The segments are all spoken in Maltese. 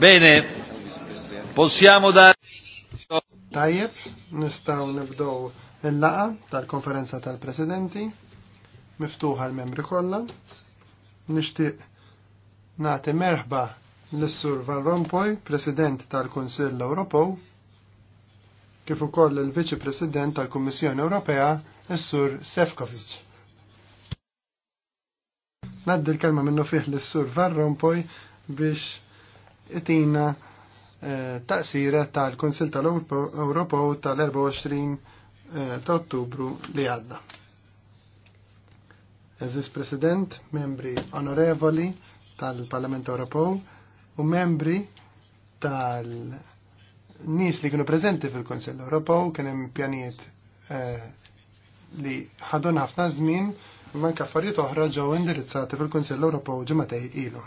Bene, possiamo dare... Tajep, nistaw nibdow il-laqa tal-konferenza tal-presidenti, miftuħa l-membri kollha. Nixtieq nagħti merħba l-Sur Van Rompuy, President tal-Kunsill Ewropew, kif ukoll il-Viċi President tal-Kummissjoni Ewropea, l sur Sefkovic. Naddi l-kelma minnu fih l-Sur Van Rompuy biex itina eh, taqsira tal-Konsil tal-Ewropew tal-24 eh, ta' Ottubru li għadda. Eżis President, membri onorevoli tal-Parlament Ewropew u membri tal-nis li kienu prezenti fil-Konsil Ewropew kien hemm eh, li ħadun ħafna żmien imma anke affarijiet oħra ġew indirizzati fil-Kunsill Ewropew ġimgħatej ilu.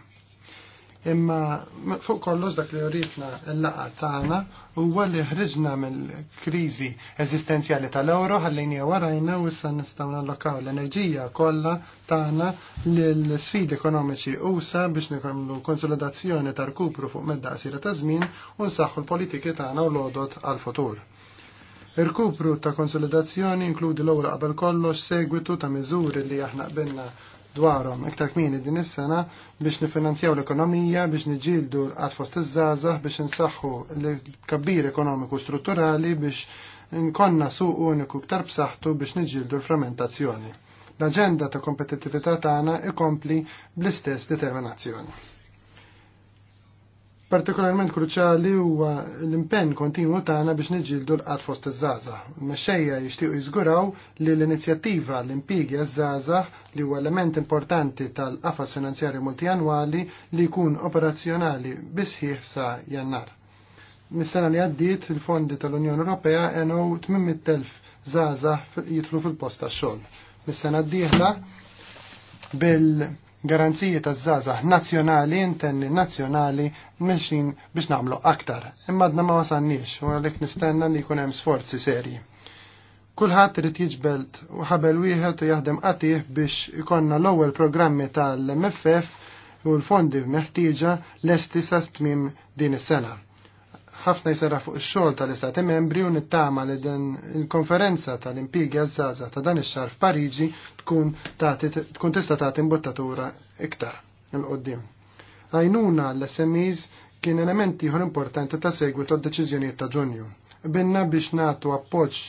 Imma fuq kollox dak li rritna l-laqa tagħna huwa li ħriġna mill-kriżi eżistenzjali tal-euro ħallejni warajna u issa nistgħu nallokaw l-enerġija kollha tagħna lill-sfidi ekonomiċi usa biex nikomlu konsolidazzjoni tal-kupru fuq medda qasira ta' żmien u nsaħħu l-politiki tagħna u l-għodot għal-futur. Ir-kupru ta' konsolidazzjoni inkludi l-ewwel qabel kollox segwitu ta' miżuri li aħna qbilna dwarhom iktar kmini din is-sena biex nifinanzjaw l-ekonomija, biex niġildu l-qatt fost iż-żgħażagħ, biex insaħħu l-kabbir ekonomiku strutturali biex nkonna suq uniku iktar b'saħħtu biex niġildu l-fermentazzjoni. L-aġenda ta' kompetittività tagħna ikompli bl-istess determinazzjoni. Partikolarment kruċali huwa l-impenn kontinwu tagħna biex niġildu l-qatt fost iż-żgħażagħ. Mexxejja jixtiequ jiżguraw li l-inizjattiva l-impjigi għaż-żgħażagħ li huwa element importanti tal-qafas finanzjarju multijanwali li jkun operazzjonali bisħieħ sa jannar. Mis-sena li għaddiet il-fondi tal-Unjoni Ewropea għenow 800,000 żgħażagħ jidħlu fil-post tax-xogħol. Mis-sena d-dieħla bil garanziji ta' zazah nazjonali, intenni nazjonali, mxin biex namlu aktar. Imma dna ma wasanniex, u għalek nistenna li kunem sforzi serji. Kulħadd irid jiġbelt u ħabel wieħed u jaħdem qatih biex ikonna l-ewwel programmi tal-MFF u l-fondi meħtieġa lesti sa tmiem din is-sena ħafna jserra fuq ix-xogħol tal-Istati Membri u nittama li din il-konferenza tal-impigi għazzaza ta' dan ix-xar f'Pariġi tkun tkun tista' tagħti imbottatura iktar il qoddim Għajnuna l-SMEs kien elementi ieħor importanti ta' segwitu għad deċiżjonijiet ta' Ġunju. Binna biex nagħtu appoġġ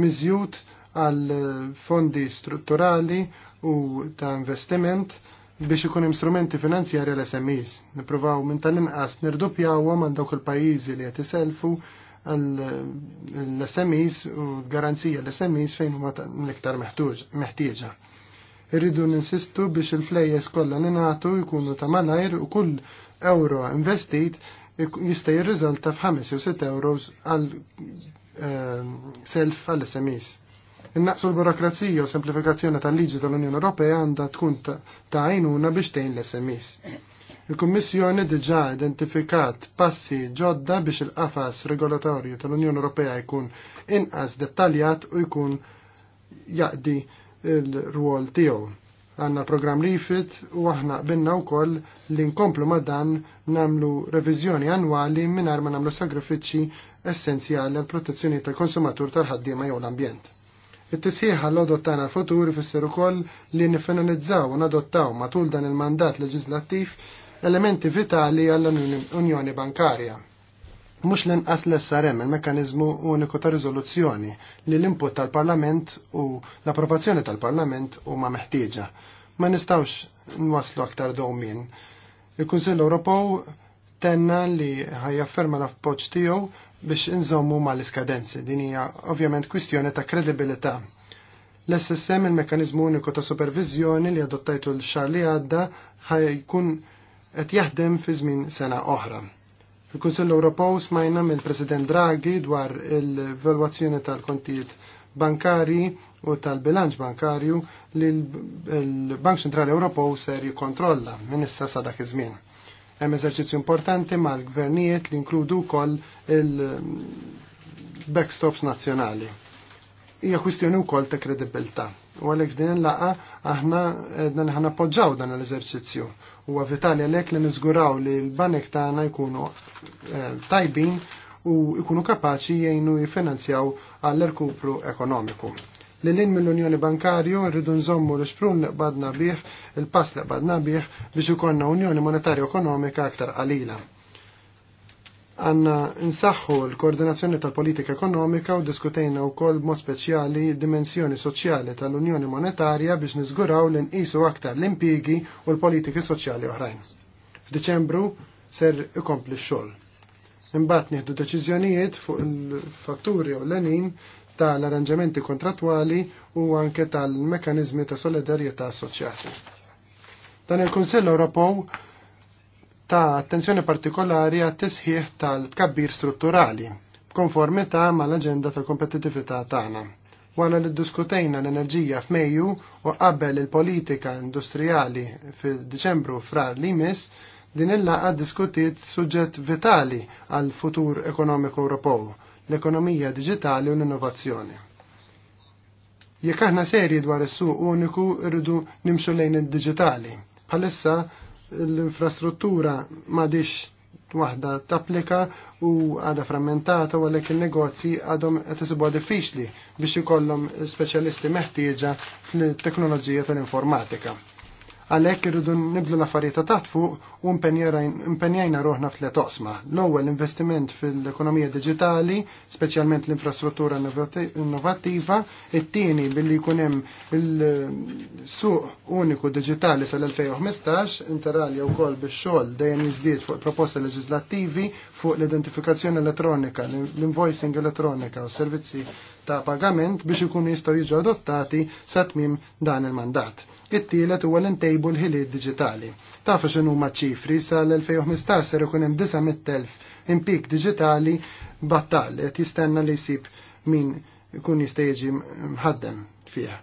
miżjud għal fondi strutturali u ta' investiment biex ikun instrumenti finanzjari l smis Nipruvaw minn tal-inqas nirdupjawhom għal dawk il-pajjiżi li qed iselfu l-SMEs u garanzija l-SMEs fejn huma l-iktar meħtieġa. Irridu ninsistu biex il-flejjes kollha li jkunu ta' malajr u kull euro investit jista' jirriżalta f'ħames jew 6 euros għal eh, self għall-SMEs. Innaqsu l-burokrazija u semplifikazzjoni tal-liġi tal-Unjoni Ewropea għandha tkun ta' għajnuna biex tgħin l sms Il-Kummissjoni diġà identifikat passi ġodda biex il-qafas regolatorju tal-Unjoni Ewropea jkun inqas dettaljat u jkun jaqdi il-rwol tiegħu. Għanna program rifit u aħna binna u koll li nkomplu ma dan namlu revizjoni annwali minn ma namlu sagrifiċi essenzjali għal protezzjoni tal-konsumatur tal-ħaddiema jew l-ambjent. It-tisħiħa l-odot tagħna l-futur ifisser ukoll li nifinalizzaw u nadottaw matul dan il-mandat leġislattiv elementi vitali għall-Unjoni Bankarja. Mhux l-inqas l-SRM il-mekkaniżmu uniku ta' Rizoluzzjoni li l-input tal-Parlament u l-approvazzjoni tal-Parlament huma meħtieġa. Ma nistawx nwaslu aktar dawmin. Il-Kunsill Ewropew tenna li ħajjafferma l-appoġġ tiegħu biex inżommu mal-iskadenzi. Din hija ovvjament kwistjoni ta' kredibilità. L-SSM il-mekanizmu uniku ta' supervizjoni li adottajtu l-xar li għadda ħajkun qed jaħdem fi żmien sena oħra. Il-Kunsill Ewropew smajna mill-President Draghi dwar il-valwazzjoni tal-kontijiet bankari u tal-bilanċ bankarju li l-Bank Ċentrali Ewropew ser jikkontrolla minn issa sa dak iż-żmien Hemm eżerċizzju importanti mal-gvernijiet li inkludu wkoll il-backstops mm, nazzjonali. Hija kwistjoni wkoll ta' kredibilta. U għalhekk din il-laqa aħna dan ħana appoġġaw dan l-eżerċizzju. Huwa vitali għalhekk li niżguraw li l-banek tagħna jkunu eh, tajbin u jkunu kapaċi jgħinu jifinanzjaw għall erkupru ekonomiku. Li l mill-Unjoni Bankarju rridu nżommu l-xprun li qbadna bih, il-pass li qbadna bih biex ikonna Unjoni Monetarja Ekonomika aktar qalila għanna nsaħħu l-koordinazzjoni tal-politika ekonomika u diskutejna u kol mod speċjali dimensjoni soċjali tal-Unjoni Monetarja biex nizguraw l nqisu aktar l-impigi u l-politiki soċjali oħrajn. F'Diċembru ser ikompli x-xogħol. Imbagħad nieħdu deċiżjonijiet fuq il-fatturi u l-lenin tal-arranġamenti kontratwali u anke tal-mekanizmi ta' solidarjetà assoċjati. Dan il-Kunsill Ewropew ta' attenzjoni partikolari għat tisħiħ tal-tkabbir strutturali, ma' mal-aġenda tal-kompetitività tagħna. Wara li diskutejna l-enerġija f'Mejju u qabel il-politika industrijali f'Diċembru frar li mis, din il-laqa diskutiet suġġett vitali għal futur ekonomiku Ewropew l-ekonomija digitali u l-innovazzjoni. Jekk aħna serji dwar is-suq uniku rridu nimxu lejn id diġitali Bħalissa l-infrastruttura m'għadix waħda tapplika u għada frammentata u għalhekk il-negozji għadhom qed isibuha diffiċli biex ikollhom speċjalisti meħtieġa fl teknoloġija tal-informatika. Għalhekk irridu niblu l-affarijiet ta' taħt fuq u impenjajna roħna f'tliet oqsma. L-ewwel investiment fil-ekonomija digitali, speċjalment l-infrastruttura innovattiva, it-tieni billi jkun hemm il-suq uniku digitali sal-2015, interalja wkoll bix-xogħol dejjem jiżdied fuq proposta leġislattivi fuq l-identifikazzjoni elettronika, l-invoicing elettronika u servizzi ta' pagament biex ikunu jistgħu jiġu adottati sa tmiem dan il-mandat. It-tielet huwa l-intejbu ħiliet diġitali. Tafu x'inhu huma ċifri sal-2015 ser ikun hemm 900,000 impik diġitali battal qed jistenna li jsib min ikun jista' jiġi mħaddem fih.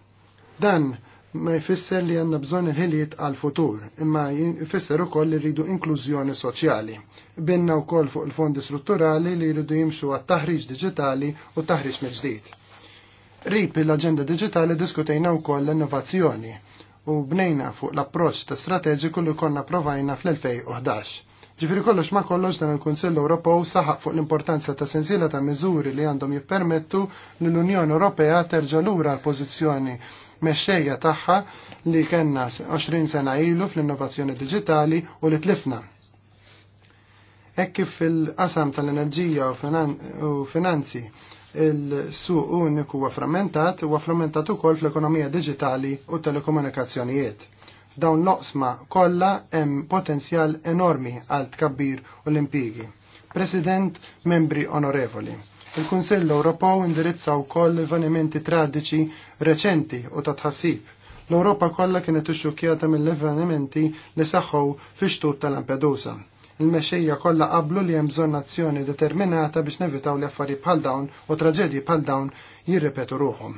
Dan ma jfisser li għanna bżon il-ħiliet għal-futur, imma jfisser u koll li rridu inklużjoni soċjali. Binna u koll fuq il-fondi strutturali li rridu jimxu għat-taħriġ digitali u taħriġ meġdijt. Rip l-agenda digitali diskutejna u koll l-innovazzjoni u bnejna fuq l-approċ ta' strateġiku li konna provajna fl-2011. Ġifiri kollox ma kollox dan il-Kunsill Ewropew saħaq fuq l-importanza ta' sensiela ta' miżuri li għandhom jippermettu l-Unjoni Ewropea terġa' lura l-pożizzjoni mexxejja tagħha li kellna 20 sena ilu fl-innovazzjoni diġitali u li tlifna. Hekk kif fil-qasam tal-enerġija u finanzi il-suq uniku huwa frammentat, huwa frammentat ukoll fl-ekonomija diġitali u telekomunikazzjonijiet. Dawn l-oqsma kollha hemm potenzjal enormi għal tkabbir u l-impigi. President, membri onorevoli Il-Kunsill Ewropew indirizza wkoll avvenimenti tradiċi reċenti u ta' tħassib. L-Ewropa kollha kienet ixxukkjata mill-avvenimenti li saħħu fix-tut ta' Lampedusa. Il-mexxejja kollha qablu li hemm bżonn azzjoni determinata biex nevitaw li affarijiet bħal dawn u traġedji bħal dawn jirripetu ruhom.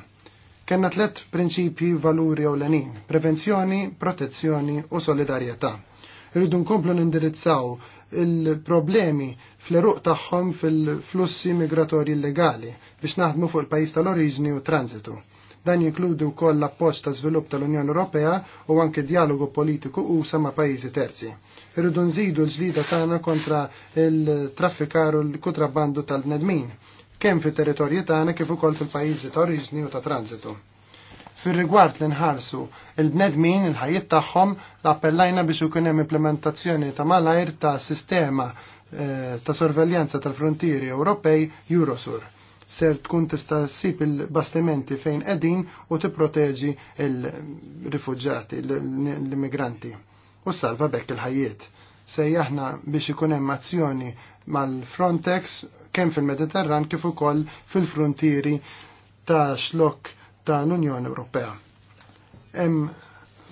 Kenna tlet prinċipji valuri ewlenin: prevenzjoni, protezzjoni u solidarjetà rridu nkomplu nindirizzaw il-problemi fl-eruq tagħhom fil-flussi migratorji illegali biex naħdmu fuq il-pajjiż tal-oriġni u transitu. Dan jinkludi wkoll l-appoġġ ta' żvilupp tal-Unjoni Ewropea u anke dialogu politiku u sama pajjiżi terzi. Irridu nżidu l-ġlida tagħna kontra il-traffikar u l kutrabbandu tal-bnedmin kemm fit-territorji tagħna kif ukoll fil-pajjiżi ta' oriġni u ta' transitu Fir-rigward li nħarsu il-bnedmin il ħajiet tagħhom l-appellajna biex ikun hemm implementazzjoni ta' malajr ta' sistema eh, ta' sorveljanza tal-frontieri Ewropej Eurosur ser tkun tista' ssib il-bastimenti fejn qegħdin u tipproteġi l-rifuġġati, l-immigranti. U salva bekk il-ħajjiet. Sejjaħna biex ikun hemm azzjoni mal-Frontex kemm fil-Mediterran kif ukoll fil-frontieri ta' xlokk ta' l-Unjoni Ewropea. Hemm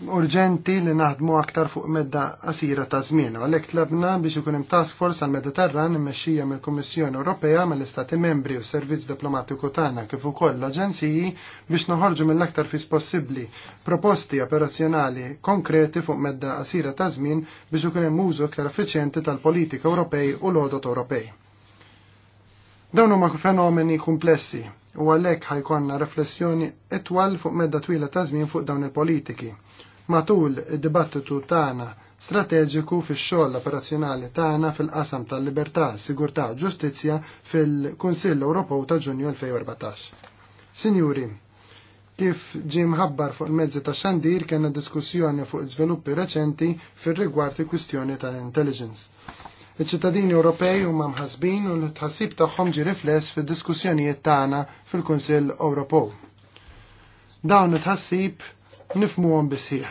urġenti li naħdmu aktar fuq medda qasira ta' żmien, għalhekk tlabna biex ikun hemm task force għall Mediterran immexxija mill-Kummissjoni Ewropea mill-Istati Membri u Servizz Diplomatiku tagħna kif ukoll l-aġenziji biex noħorġu mill-aktar fis possibbli proposti operazzjonali konkreti fuq medda qasira ta' żmien biex ikun hemm użu aktar effiċjenti tal-politika Ewropej u l-odot Ewropej. Dawn huma fenomeni komplessi u għalhekk ħajkonna riflessjoni etwal fuq medda twila ta' żmien fuq dawn il-politiki. Matul id-dibattitu tagħna strateġiku fix-xogħol operazzjonali tagħna fil-qasam tal-libertà, sigurtà u ġustizzja fil-Kunsill Ewropew ta' Ġunju 2014. Sinjuri, kif ġie mħabbar fuq il-mezzi ta' xandir kena diskussjoni fuq iżviluppi reċenti fir-rigward il-kwistjoni ta' intelligence Iċ-ċittadini Ewropej huma mħasbin u l-tħassib tagħhom ġi rifless fid-diskussjonijiet tagħna fil-Kunsill Ewropew. Dawn it-tħassib nifmuhom bisħiħ.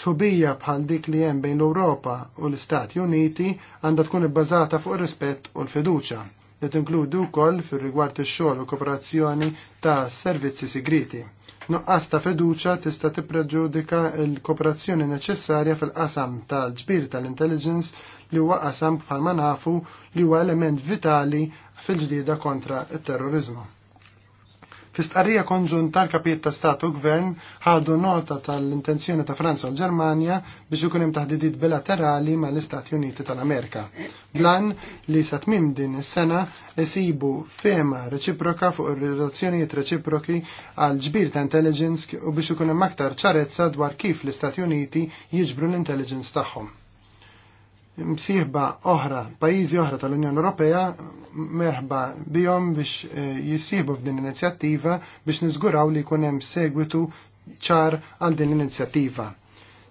Sħubija bħal dik li hemm bejn l-Ewropa u l-Istati Uniti għandha tkun ibbażata fuq ir-rispett u l-fiduċja li tinkludi wkoll fir-rigward ix-xogħol u kooperazzjoni ta' servizzi sigriti. Nuqqas ta' fiduċa tista' tippreġudika l-kooperazzjoni neċessarja fil-qasam tal-ġbir tal-intelligence li huwa qasam bħalma nafu li huwa element vitali fil-ġdida kontra it terrorizmu Fistqarrija konġunt tal-kapiet ta' statu gvern ħadu nota tal-intenzjoni ta' Franza u Ġermanja biex ikun hemm taħdidiet bilaterali mal-Istati Uniti tal-Amerika. Blan li sa tmim din is-sena isibu fema reċiproka fuq ir-relazzjonijiet reċiproki għal ġbir ta' intelligence u biex ikun hemm aktar ċarezza dwar kif l-Istati Uniti jiġbru l-intelligence tagħhom msieħba oħra, pajjiżi oħra tal-Unjoni Ewropea merħba bihom biex eh, jissieħbu f'din l-inizjattiva biex niżguraw li jkun hemm segwitu ċar għal din l-inizjattiva.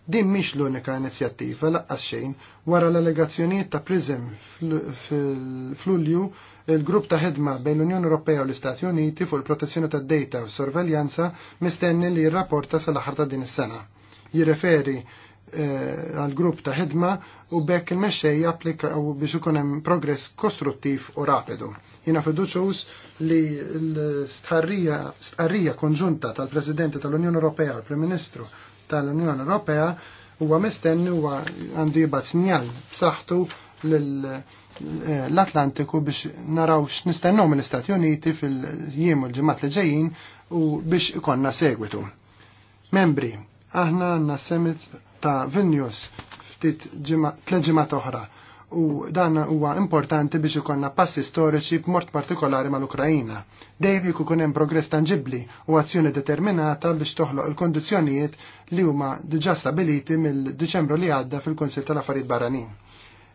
Din mhix l-unika inizjattiva laqqas xejn wara l-allegazzjonijiet ta' Prism fl-Ulju il-grupp ta' ħidma bejn l-Unjoni Ewropea u l-Istati Uniti fuq il-protezzjoni tad-data u sorveljanza mistenni li jirrapporta sal-aħħar ta' din is-sena. Jirreferi Eh, għal grupp ta' ħidma u bekk il-mexxej u biex ikun hemm progress kostruttiv u rapidu. Jiena fiduċuż li l-stqarrija konġunta tal-Presidenti tal-Unjoni Ewropea u l-Prim Ministru tal-Unjoni Ewropea huwa mistenni huwa għandu jibgħat sinjal b'saħħtu l-Atlantiku biex naraw x'nistennew mill-Istati Uniti fil-jiem u l-ġimgħat li ġejjin u biex ikonna segwitu. Membri, aħna għandna semit ta' Vilnius ftit tliet ġimgħat oħra u dan huwa importanti biex ikonna passi storiċi b'mort partikolari mal-Ukrajina. Dejjem jekk ikun hemm progress tanġibbli u azzjoni determinata biex toħloq il-kondizzjonijiet li huma diġà stabiliti mill-Diċembru li għadda fil-Kunsill tal-Affarijiet Barranin.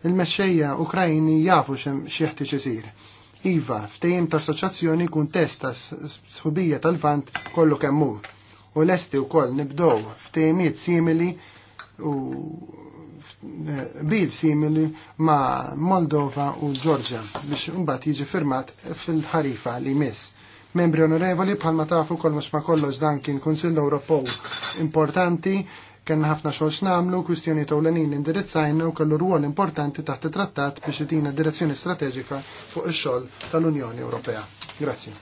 Il-mexxejja Ukrajini jafu ħtieġ isir. Iva, ftejim ta' assoċjazzjoni kun testa sħubija tal-vant kollu kemmu u lesti wkoll nibdow ftejmiet simili u bil simili ma' Moldova u Georgia biex imbagħad jiġi firmat fil-ħarifa li mis. Membri onorevoli bħalma tafu kol mux ma kollox dan kien Kunsill Ewropew importanti kena ħafna xogħol x'namlu, kwistjoni tewlenin indirizzajna u kellu rwol importanti taħt it-trattat biex itina direzzjoni strateġika fuq ix-xogħol tal-Unjoni Ewropea. Grazzi.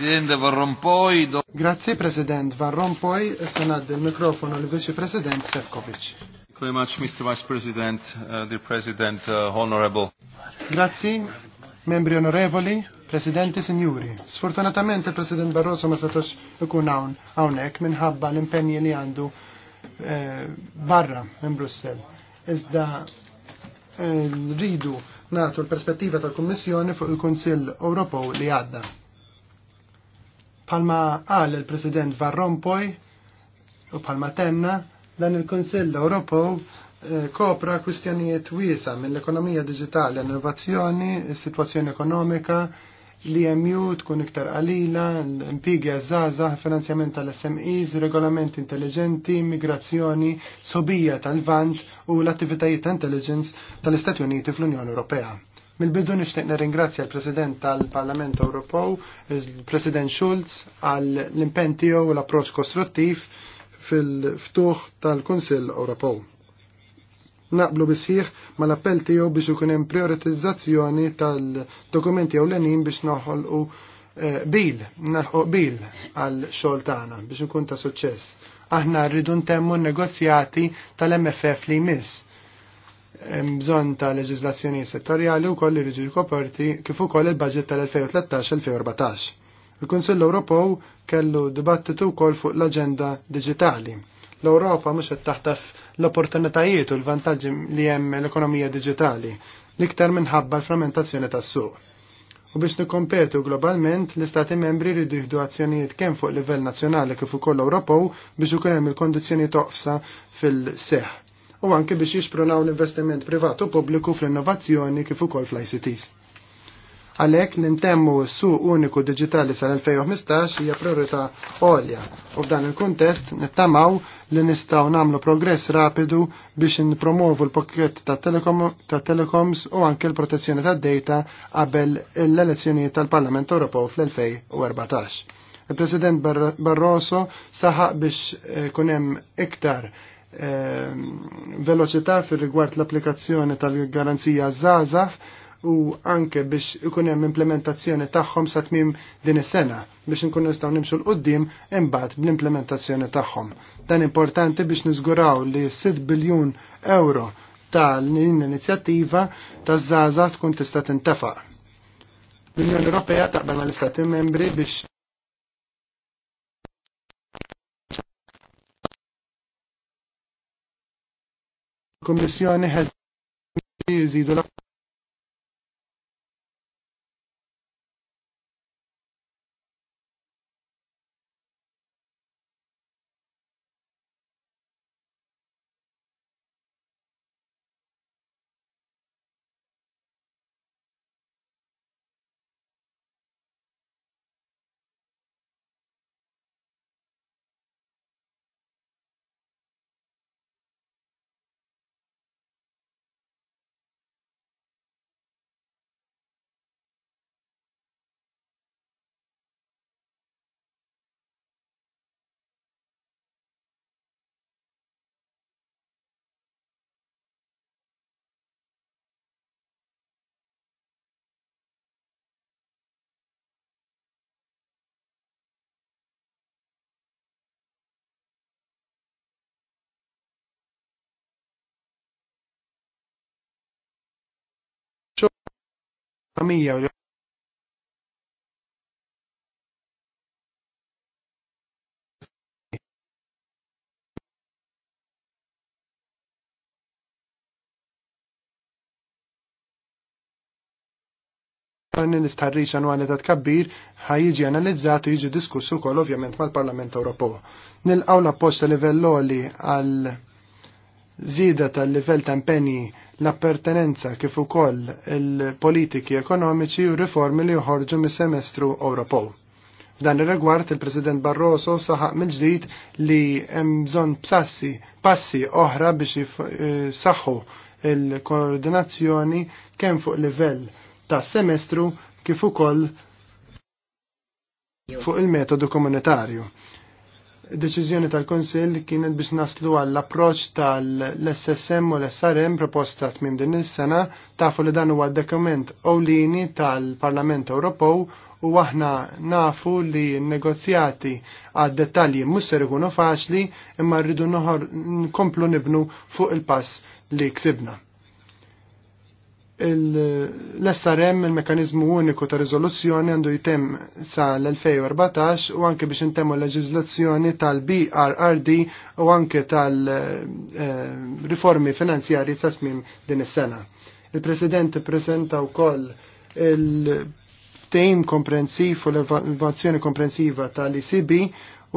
Presidente Van Rompuy. Do... Grazie President Van Rompuy, sanad il mikrofonu l vice Presidente Sefcovic. Thank you very much, Mr. Vice President, uh, dear President, uh, Honorable. Grazie, membri onorevoli, Presidente Signori. Sfortunatamente il-President Barroso ma stato ikun hawn hawnhekk minħabba l-impenji li andu eh, barra minn Brussel. Iżda eh, ridu nato l-perspettiva tal Commissione fu il Consiglio Europeo li adda. Palma qal il-President Van Rompuy u palma tenna dan il-Konsill Ewropew eh, kopra kwistjonijiet wiesa mill-ekonomija digitali, innovazzjoni, situazzjoni ekonomika, l-EMU tkun iktar qalila, l-impigi għazzaza, finanzjament tal-SMEs, regolamenti intelligenti, migrazzjoni, sobija tal-vant u l-attivitajiet ta' intelligence tal-Istati Uniti fl-Unjoni Ewropea. Mil-bidu nixtieq nirringrazzja l-President tal-Parlament Ewropew, il-President Schulz, għal l-impenn tiegħu u l-approċċ kostruttiv fil-ftuħ tal-Kunsill Ewropew. Naqblu bisħiħ ma l-appell tiegħu biex ikun hemm prioritizzazzjoni tal-dokumenti ewlenin biex noħolqu eh, bil, naħu bil għal xogħol tagħna biex ikun ta' suċċess. Aħna rridu ntemmu n negozjati tal-MFF li jmiss bżonn ta' leġiżlazzjoni settorjali wkoll koll jiġu koperti kif ukoll il-budget tal-2013-2014. Il-Kunsill Ewropew kellu dibattitu wkoll fuq l-aġenda diġitali. L-Ewropa mhux qed taħtaf l-opportunitajiet u l-vantaġġi li hemm l-ekonomija diġitali l-iktar minħabba l-frammentazzjoni tas-suq. U biex nikkompetu globalment, l-Istati membri rridu jihdu azzjonijiet kemm fuq livell nazzjonali kif ukoll Ewropew biex ukoll hemm il-kondizzjoni toqsa fil-seħ u anke biex jispronaw l-investiment privatu pubbliku fl-innovazzjoni kif ukoll fl-ICTs. Għalhekk li ntemmu s-suq uniku digitali sal-2015 hija priorità għolja u f'dan il-kuntest nittamaw li nistgħu nagħmlu progress rapidu biex nippromovu l-pakket ta' telekom, telecoms u anke l-protezzjoni tad-data qabel l-elezzjonijiet tal-Parlament Ewropew fl-2014. Il-President Barroso saħaq biex eh, kunem iktar Ehm, veloċità fil rigward l-applikazzjoni tal-garanzija Zaza u anke biex ikun hemm implementazzjoni tagħhom sa tmiem din is-sena biex nkun nistgħu nimxu l qudiem imbagħad bl-implementazzjoni tagħhom. Dan importanti biex niżguraw li 6 biljun euro tal-inizjattiva taż Zaza tkun tista' tintefaq. L-Unjoni Ewropea taqbel mal istati membri biex il-Komissjoni ħed jizidu l ekonomija dan l-istarriċ annwali ta' tkabbir ħajjiġi analizzat u jiġi diskuss ukoll ovvjament mal-Parlament Ewropew. Nilqgħu l-apposta livell għal żieda tal-livell ta' impenji l-appertenenza kif ukoll il-politiki ekonomiċi u riformi li joħorġu mis-semestru Ewropew. F'dan ir-rigward il-President Barroso saħaq mill-ġdid li hemm bżonn b'sassi passi oħra biex eh, saħħu il-koordinazzjoni kemm fuq livell ta' semestru kif ukoll fuq il-metodu komunitarju deċiżjoni tal-Konsil kienet biex naslu għall approċ tal-SSM u l-SRM proposta minn din is-sena tafu li dan huwa dokument ewlieni tal-Parlament Ewropew u aħna nafu li n-negozjati għad dettalji mhux ser ikunu faċli imma rridu nkomplu nibnu fuq il-pass li ksibna l-SRM, il-mekanizmu uniku ta' rizoluzzjoni għandu jitem sa' l-2014 u anke biex intemmu l-leġizlazzjoni tal-BRRD u anke tal-riformi eh, finanzjari ta' smim din is-sena. Il-President prezenta wkoll il-tejm komprensiv u l-evaluazzjoni komprensiva tal-ECB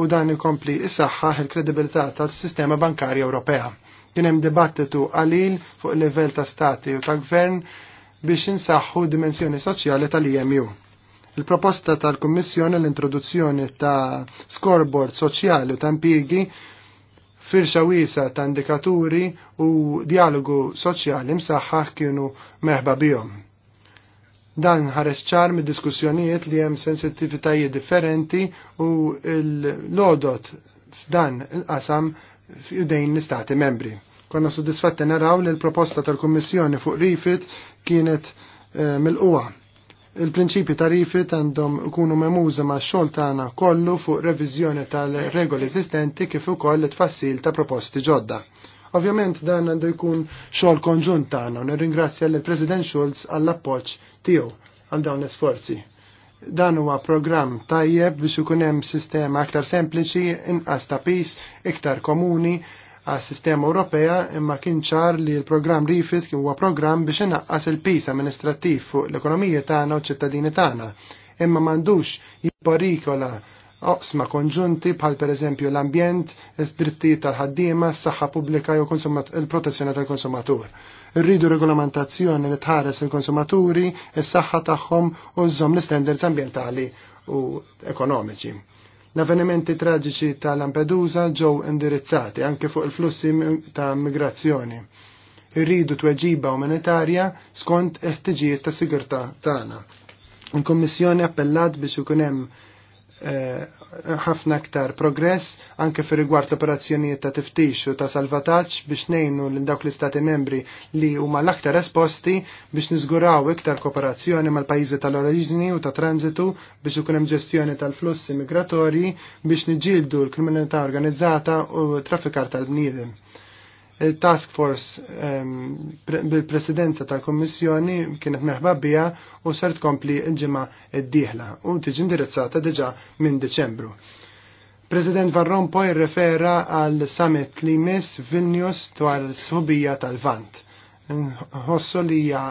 u dan ikompli is-saħħaħ il-kredibilità tal-sistema bankarja Ewropea Kien hemm dibattitu qalil fuq il-livell ta' stati u ta' gvern biex insaħħu dimensjoni soċjali tal-IMU. Il-proposta tal-Kummissjoni l-introduzzjoni ta' scoreboard soċjali u ta' impjiegi firxa wiesa ta' indikaturi u dialogu soċjali msaħħaħ kienu merħba bihom. Dan ħares ċar mid diskussjonijiet li hemm sensittivitajiet differenti u l-lodot f'dan il-qasam f'idejn l-istati membri. Konna soddisfatti naraw li l-proposta tal-Kummissjoni fuq rifit kienet eh, mill-qwa. il prinċipi ta' rifit għandhom ikunu memuża ma' xogħol tagħna kollu fuq reviżjoni tal-regoli eżistenti kif ukoll it-tfassil ta' proposti ġodda. Ovvjament dan għandu jkun xogħol konġunt tagħna u nirringrazzja lill-President Schulz għall-appoġġ tiegħu għal dawn l-isforzi. Dan huwa programm tajjeb biex ikun hemm sistema aktar sempliċi, inqas ta' pis, iktar komuni għas sistema Ewropea imma kien ċar li l-programm kien huwa programm biex inaqqas il-pis amministrattiv fuq l-ekonomija tagħna u ċittadini tagħna. Imma m'għandux jipparikola oqsma konġunti bħal pereżempju l-ambjent, id-drittijiet tal-ħaddiema, s-saħħa pubblika jew il-protezzjoni tal-konsumatur. Rridu regolamentazzjoni li tħares il-konsumaturi, is-saħħa tagħhom u nżomm l-standards ambjentali u ekonomiċi. L-avvenimenti traġiċi ta' Lampedusa ġew indirizzati anke fuq il-flussi ta' migrazzjoni. Irridu tweġiba umanitarja skont eħtiġijiet ta' sigurtà tagħna. Il-Kommissjoni appellat biex ikun hemm Eh, ħafna aktar progress anke fi rigward l-operazzjonijiet ta' tiftix u ta' salvataġġ biex ngħinu lil dawk l-istati membri li huma l-aktar esposti biex niżguraw iktar kooperazzjoni mal-pajjiżi tal-oriġini u ta' transitu biex ikun hemm ġestjoni tal-flussi migratorji biex niġġieldu l-kriminalità organizzata u traffikar tal-bniedem il-task force bil-presidenza tal-Kommissjoni kienet merħba bija u sar tkompli l-ġimgħa d-dieħla u tiġi indirizzata diġà minn Deċembru. President Van Rompuy refera għal summit li jmiss Vilnius dwar subija tal-Vant. Hossu li hija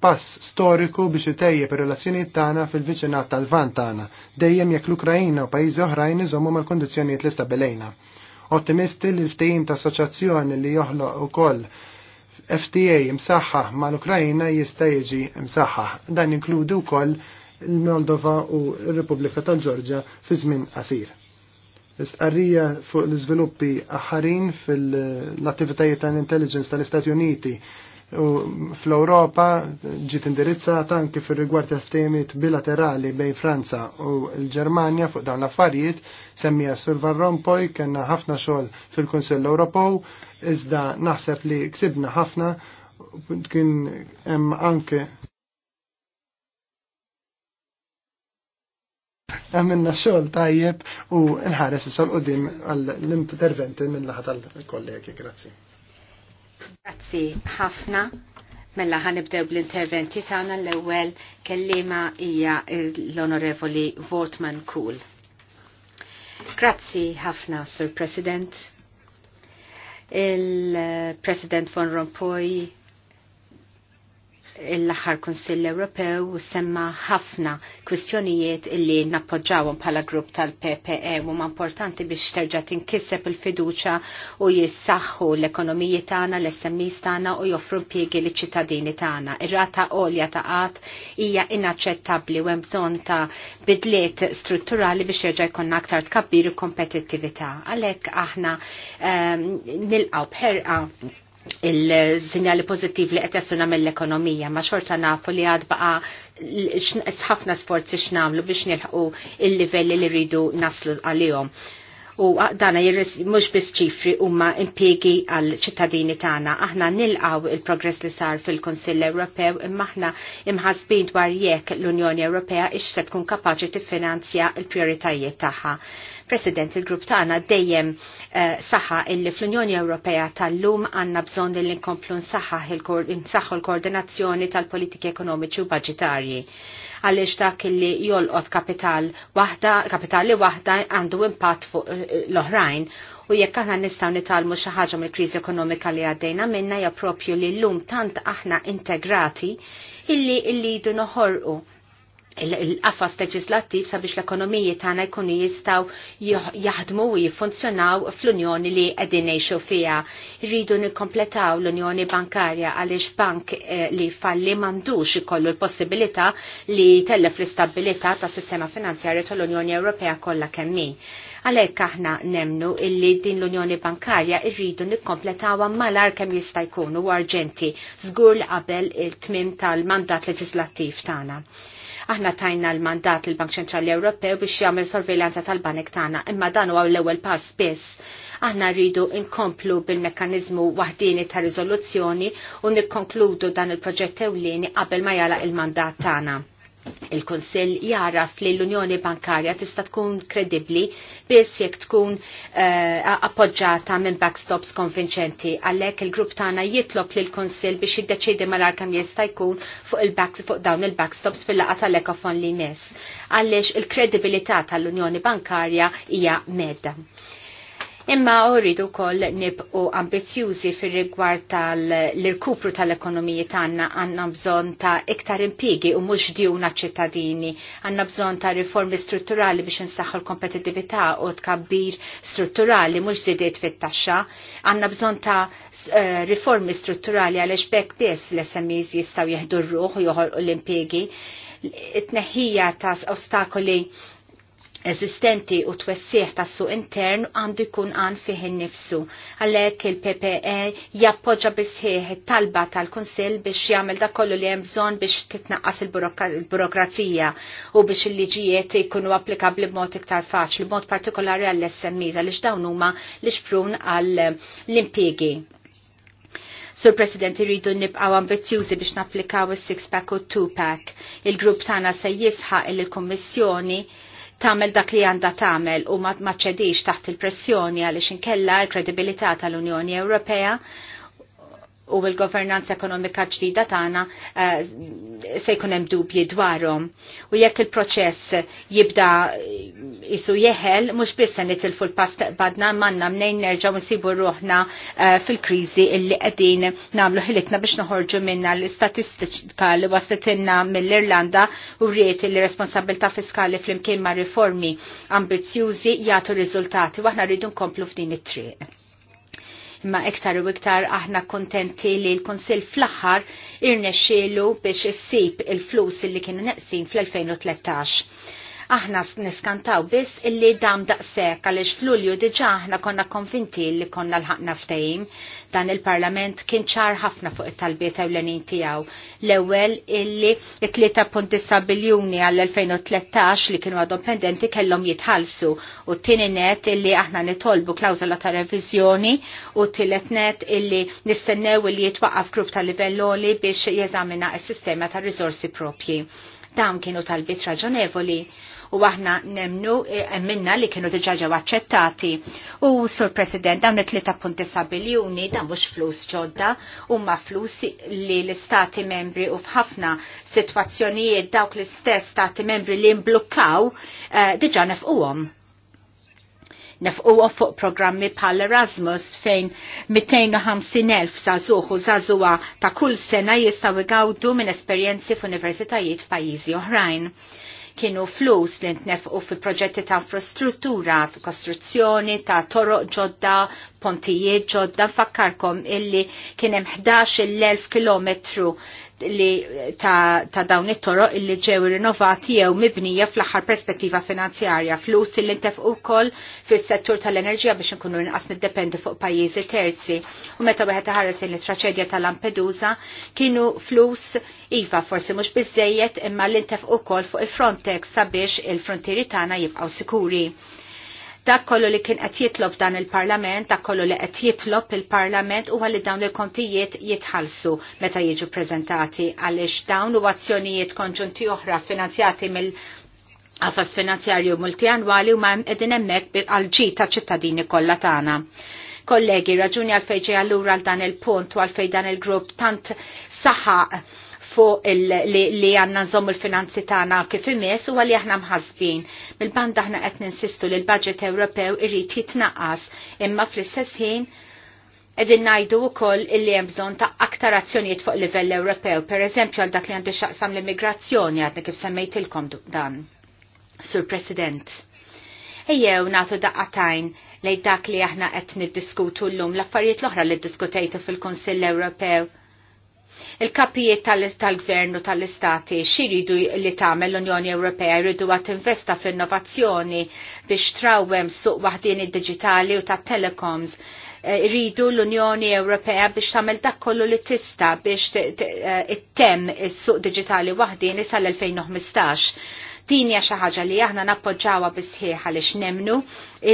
pass storiku biex itejjeb ir-relazzjonijiet tagħna fil-viċinat tal-Vant tagħna, dejjem jekk l ukrajina u pajjiżi oħrajn iżommu mal-kondizzjonijiet li stabilejna ottimisti li l-ftehim ta' assoċjazzjoni li joħloq ukoll FTA msaħħa mal-Ukrajna jista' jiġi msaħħa. Dan inkludu wkoll il-Moldova u r-Repubblika tal-Ġorġja fi żmien qasir. Istqarrija fuq l-iżviluppi aħħarin fil-attivitajiet tal-intelligence tal-Istati Uniti u fl-Europa ġiet indirizzata anke fir rigward ftehimiet bilaterali bejn Franza u l-Ġermanja fuq dawn l-affarijiet semmija Sur Van Rompuy kellna ħafna xogħol fil-Kunsill Ewropew iżda naħseb li ksibna ħafna kien hemm anke għamilna xogħol tajjeb u nħares isal qudiem għall-interventi mill laħat tal-kollegi. Grazzi. Grazzi ħafna. Mella ħanibdew bl-interventi tagħna l-ewwel kellima hija l-Onorevoli Votman Kuhl. Grazzi ħafna, Sur President. Il-President von Rompuy l-aħħar Kunsill Ewropew semma ħafna kwistjonijiet illi nappoġġawhom bħala grupp tal-PPE u ma importanti biex terġa' tinkiseb il fiduċja u jissaħħu l-ekonomiji tagħna, l-SMEs tagħna u joffru impjiegi liċ-ċittadini tagħna. Ir-rata għolja ta' qatt hija inaċċettabbli u hemm bżonn ta' bidliet strutturali biex jerġa' jkollna aktar tkabbir u kompetittività. Għalhekk aħna um, nilqgħu bħerqa il-sinjali pozittiv li qed jassuna l ekonomija ma xorta nafu li għad baqa ħafna sforzi x'namlu biex nilħqu il-livelli li rridu naslu għalihom. U dana jirris mux bis ċifri umma impiegi għal ċittadini tagħna. Aħna nilqaw il-progress li sar fil-Konsill Ewropew imma aħna imħasbin dwar jekk l-Unjoni Ewropea ix se tkun kapaċi tiffinanzja l-prioritajiet tagħha President, il-grupp tagħna dejjem eh, saħa illi fl-Unjoni Ewropea tal-lum għandna bżonn li nkomplu nsaħħu l-koordinazzjoni tal-politiki ekonomiċi u budġetarji għaliex dak li jolqot kapital waħda, kapitali waħda għandu impatt fuq eh, l-oħrajn u jekk aħna nistgħu nitalmu xi ħaġa mill-kriżi ekonomika li għaddejna minna hija propju li llum tant aħna integrati illi illi jdu noħorqu il-qafas leġislattiv sabiex l-ekonomiji tagħna jkunu jistgħu jaħdmu u jiffunzjonaw fl-Unjoni li qegħdin ngħixu fiha. Rridu nikkompletaw l-Unjoni Bankarja għaliex bank eh, li falli m'għandux ikollu l-possibilità li tellef l istabbilità ta' sistema finanzjarja tal-Unjoni Ewropea kollha kemm hi. Għalhekk aħna nemnu illi din l-Unjoni Bankarja rridu nikkompletawha malar kemm jista' jkunu u arġenti żgur qabel il-tmim tal-mandat leġislattiv tagħna. Aħna tajna l-mandat l bank Ċentrali Ewropew biex jagħmel sorveljanza tal-banek tagħna, imma dan huwa l-ewwel pass biss. Aħna rridu nkomplu bil-mekkaniżmu waħdini ta' riżoluzzjoni u nikkonkludu dan il-proġett ewlieni qabel ma jala il-mandat tagħna. Il-Konsil jaraf li l-Unjoni Bankarja tista' tkun kredibbli biss jekk tkun uh, appoġġata minn backstops konvinċenti. Għalhekk il-grupp tagħna jitlob lil konsil biex jiddeċidi mal-arkam jista' jkun fuq il-back fuq dawn il-backstops fil-laqgħa tal-ekofon li mess. Għaliex il-kredibilità tal-Unjoni Bankarja hija medda imma rridu wkoll nibqu ambizjużi fir-rigward tal-irkupru tal-ekonomiji tagħna għandna bżonn ta' iktar impjiegi u mhux djuna ċittadini, għandna bżonn ta' riformi strutturali biex insaħħu l-kompetittività u tkabbir strutturali mhux żidiet fit-taxxa, għandna bżonn ta' eh, riformi strutturali għaliex bekk biss l-SMEs jistgħu jeħdu r-ruħ u joħolqu l-impjiegi it tneħħija ta' ostakoli eżistenti u twessieħ tas suq intern għandu jkun għan fih innifsu. Għalhekk il-PPE jappoġġa bisħieħ talba tal-Kunsill biex jagħmel dak kollu li hemm bżonn biex titnaqqas il-burokrazija u biex il-liġijiet jkunu applikabbli b'mod iktar faċli, b'mod partikolari għall-SMEs għaliex dawn huma li xprun għall-impjiegi. Sur President irridu nibqaw ambizjużi biex napplikaw is six pack u two pack Il-grupp tagħna se jisħaq il-Kummissjoni il kummissjoni kummissjoni tamel dak li għanda tamel u ma ċedix taħt il-pressjoni għaliex inkella l-kredibilità tal-Unjoni Ewropea u l-governanza ekonomika ġdida tagħna eh, se jkun hemm dubji dwarhom. U jekk il-proċess jibda isu jeħel, mhux biss se nitilfu l-past badna manna mnejn nerġgħu nsibu ruħna eh, fil-kriżi illi qegħdin nagħmlu ħilitna biex noħorġu minna l-istatistika li wasletilna mill-Irlanda u rieti li responsabilità fiskali flimkien ma' riformi ambizzjużi jagħtu riżultati waħna aħna rridu nkomplu f'din it-triq imma iktar u iktar aħna kontenti li l-Konsil fl-aħħar irnexxielu biex issib il-flus li kienu neqsin fl-2013 Aħna niskantaw biss illi dam daqsek għaliex f'Lulju diġà aħna konna konvinti li konna l-ħakna ftehim. Dan il-Parlament kien ċar ħafna fuq it-talbiet ewlenin tiegħu. L-ewwel illi 3.7 biljuni għall-2013 li kienu għadhom pendenti kellhom jitħallsu u t-tieni net illi aħna nitolbu klawżola ta' reviżjoni u t-tielet net illi nistennew illi jitwaqaf grupp ta' livelloli biex jeżamina s-sistema ta' risorsi propji. Dawn kienu talbiet raġonevoli u aħna nemnu e, emminna li kienu diġaġa aċċettati. U sur President, dawn it punti sa'biljuni dan mhux flus ġodda huma flus li l-istati membri u f'ħafna situazzjonijiet dawk l-istess stati membri li mblukkaw e, diġa nefquhom nefquwa fuq programmi pal Erasmus fejn 250.000 zazuħu zazuwa ta' kull sena jistaw igawdu minn esperjenzi f'universitajiet f'pajjiżi oħrajn kienu flus li ntnefqu fil-proġetti ta' infrastruttura, fil-kostruzzjoni, ta' toroq ġodda, pontijiet ġodda fakkarkom illi kienem 11.000 km li ta', ta dawn it-toro illi ġew rinnovati jew mibnija fl-aħħar perspettiva finanzjarja flus illi ntef ukoll fis-settur tal-enerġija biex nkunu inqas niddependi fuq pajjiżi terzi. U meta wieħed ħares li traċedja tal Lampedusa kienu flus iva forsi mhux biżejjed imma li ntef ukoll fuq il-Frontex sabiex il-frontieri tagħna jibqgħu sikuri Dak kollu li kien qed jitlob dan il-Parlament, dak kollu li qed jitlob il-Parlament huwa li dawn il-kontijiet jitħallsu meta jiġu preżentati għaliex dawn u azzjonijiet konġunti oħra finanzjati mill għafas finanzjarju multianwali u ma' edin emmek għal-ġi ta' ċittadini kollha tagħna kollegi, raġuni għal ġej għallura għal dan il-punt u għalfej dan il-grupp tant saħaq fuq li għanna nżomm il-finanzi tagħna kif imiss u għalli aħna mħasbin. mil band aħna qed ninsistu li l-budget Ewropew irid jitnaqqas imma fl-istess ħin Edin najdu u koll illi jemżon ta' aktar azzjoniet fuq livell Ewropew, per eżempju għal dak li għandu xaqsam l-immigrazzjoni għadna kif semmejtilkom dan. Sur President, ejjew natu daqqatajn lej dak li aħna qed niddiskutu l-lum l-affarijiet l-oħra li ddiskutejtu fil-Konsill Ewropew Il-kapijiet tal-gvernu tal-istati xiridu li tagħmel l-Unjoni Ewropea jridu għat investa f'innovazzjoni biex trawem suq waħdini digitali u tat telecoms Iridu eh, l-Unjoni Ewropea biex tagħmel dak kollu li tista biex eh, ittem is-suq digitali waħdini sal-2015 Din hija xi ħaġa li aħna nappoġġawha bisħiħa għaliex nemnu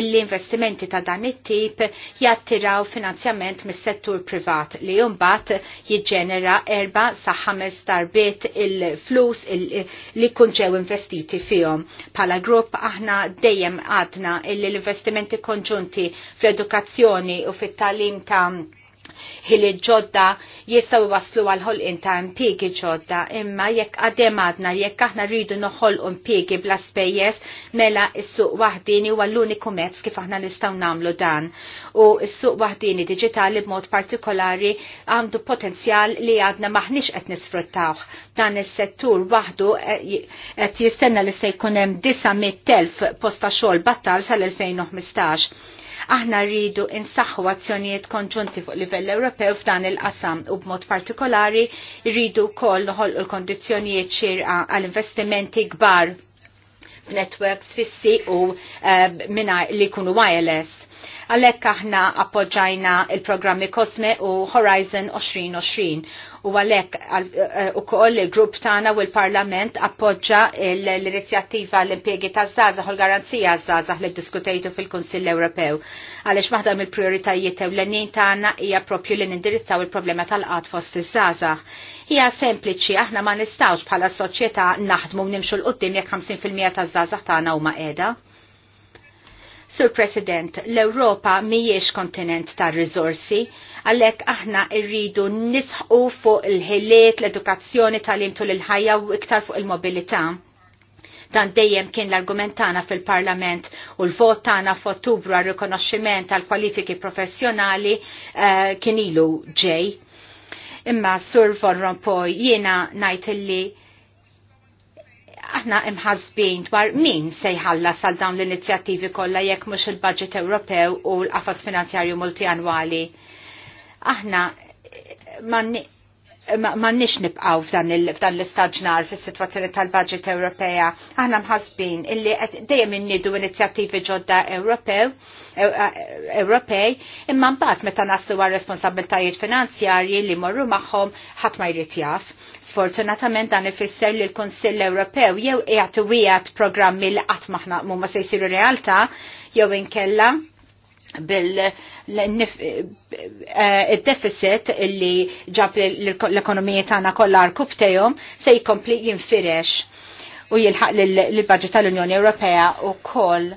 l-investimenti ta' dan it-tip jattiraw finanzjament mis-settur privat li mbagħad jiġġenera erba sa ħames darbiet il-flus li kun ġew investiti fihom. Pala grupp aħna dejjem għadna l-investimenti konġunti fl-edukazzjoni u fit-talim ta' ħili ġodda jistaw waslu għal ta' impiegi ġodda imma jekk għadem għadna jekk aħna rridu noħol impiegi bla spejjes mela s-suq wahdini u għall-uniku mezz kif aħna nistaw namlu dan u s-suq wahdini digitali b'mod partikolari għandu potenzjal li għadna maħnix qed nisfruttawh dan is-settur waħdu eh, qed jistenna li se jkun hemm 900,000 posta xogħol battal sal-2015 Aħna rridu insaħħu azzjonijiet konġunti fuq livell Ewropew f'dan il-qasam u b'mod partikolari rridu wkoll noħolqu l-kondizzjonijiet xirqa għal-investimenti kbar f'networks fissi u uh, eh, minna li kunu wireless. Għalhekk aħna appoġġajna il-programmi Cosme u Horizon 2020 u għalek eh, eh, u koll il-grupp tana u l-parlament appoġġa l-inizjattiva l-impiegi ta' zazah u l-garanzija zazah li diskutejtu fil-Konsill Ewropew. Għalix maħdam il prioritajiet u l-enin tana hija propju li nindirizzaw il-problema tal-qat fost iż-żazax. Hija sempliċi aħna ma nistawx bħala soċjetà naħdmu nimxu l-qoddim jekk 50% taż-żazax tagħna huma qiegħda. Sur President, l-Europa mhijiex kontinent tar-riżorsi, Għalhekk aħna rridu nisħu fuq il-ħiliet, l-edukazzjoni tal-imtu l-ħajja u iktar fuq il-mobilità. Dan dejjem kien l-argument tagħna fil-Parlament u l-vot tagħna f'Ottubru għal rikonoxximent tal kwalifiki professjonali uh, kien ilu ġej. Imma Sur Von Rompuy jiena najt illi aħna imħazbin dwar min se jħallas għal dawn l-inizjattivi kollha jekk mhux il-budget Ewropew u l-qafas finanzjarju multianwali. Aħna ma nix nibqaw f'dan l-istaġnar fis situazzjoni tal-budget Ewropea. Aħna mħasbin illi dejjem innidu inizjattivi ġodda Ewropew, Ewropej, imma mbagħad meta naslu għal responsabiltajiet finanzjarji li morru magħhom ħadd ma jrid jaf. Sfortunatament dan ifisser li l-Kunsill Ewropew jew qiegħed wieħed programmi li qatt maħna ma se jsiru realtà jew inkella bil-deficit eh, li ġab l-ekonomija tagħna kollha arkubtejhom se jkompli jinfirex u jilħaq l-budget tal-Unjoni Ewropea u koll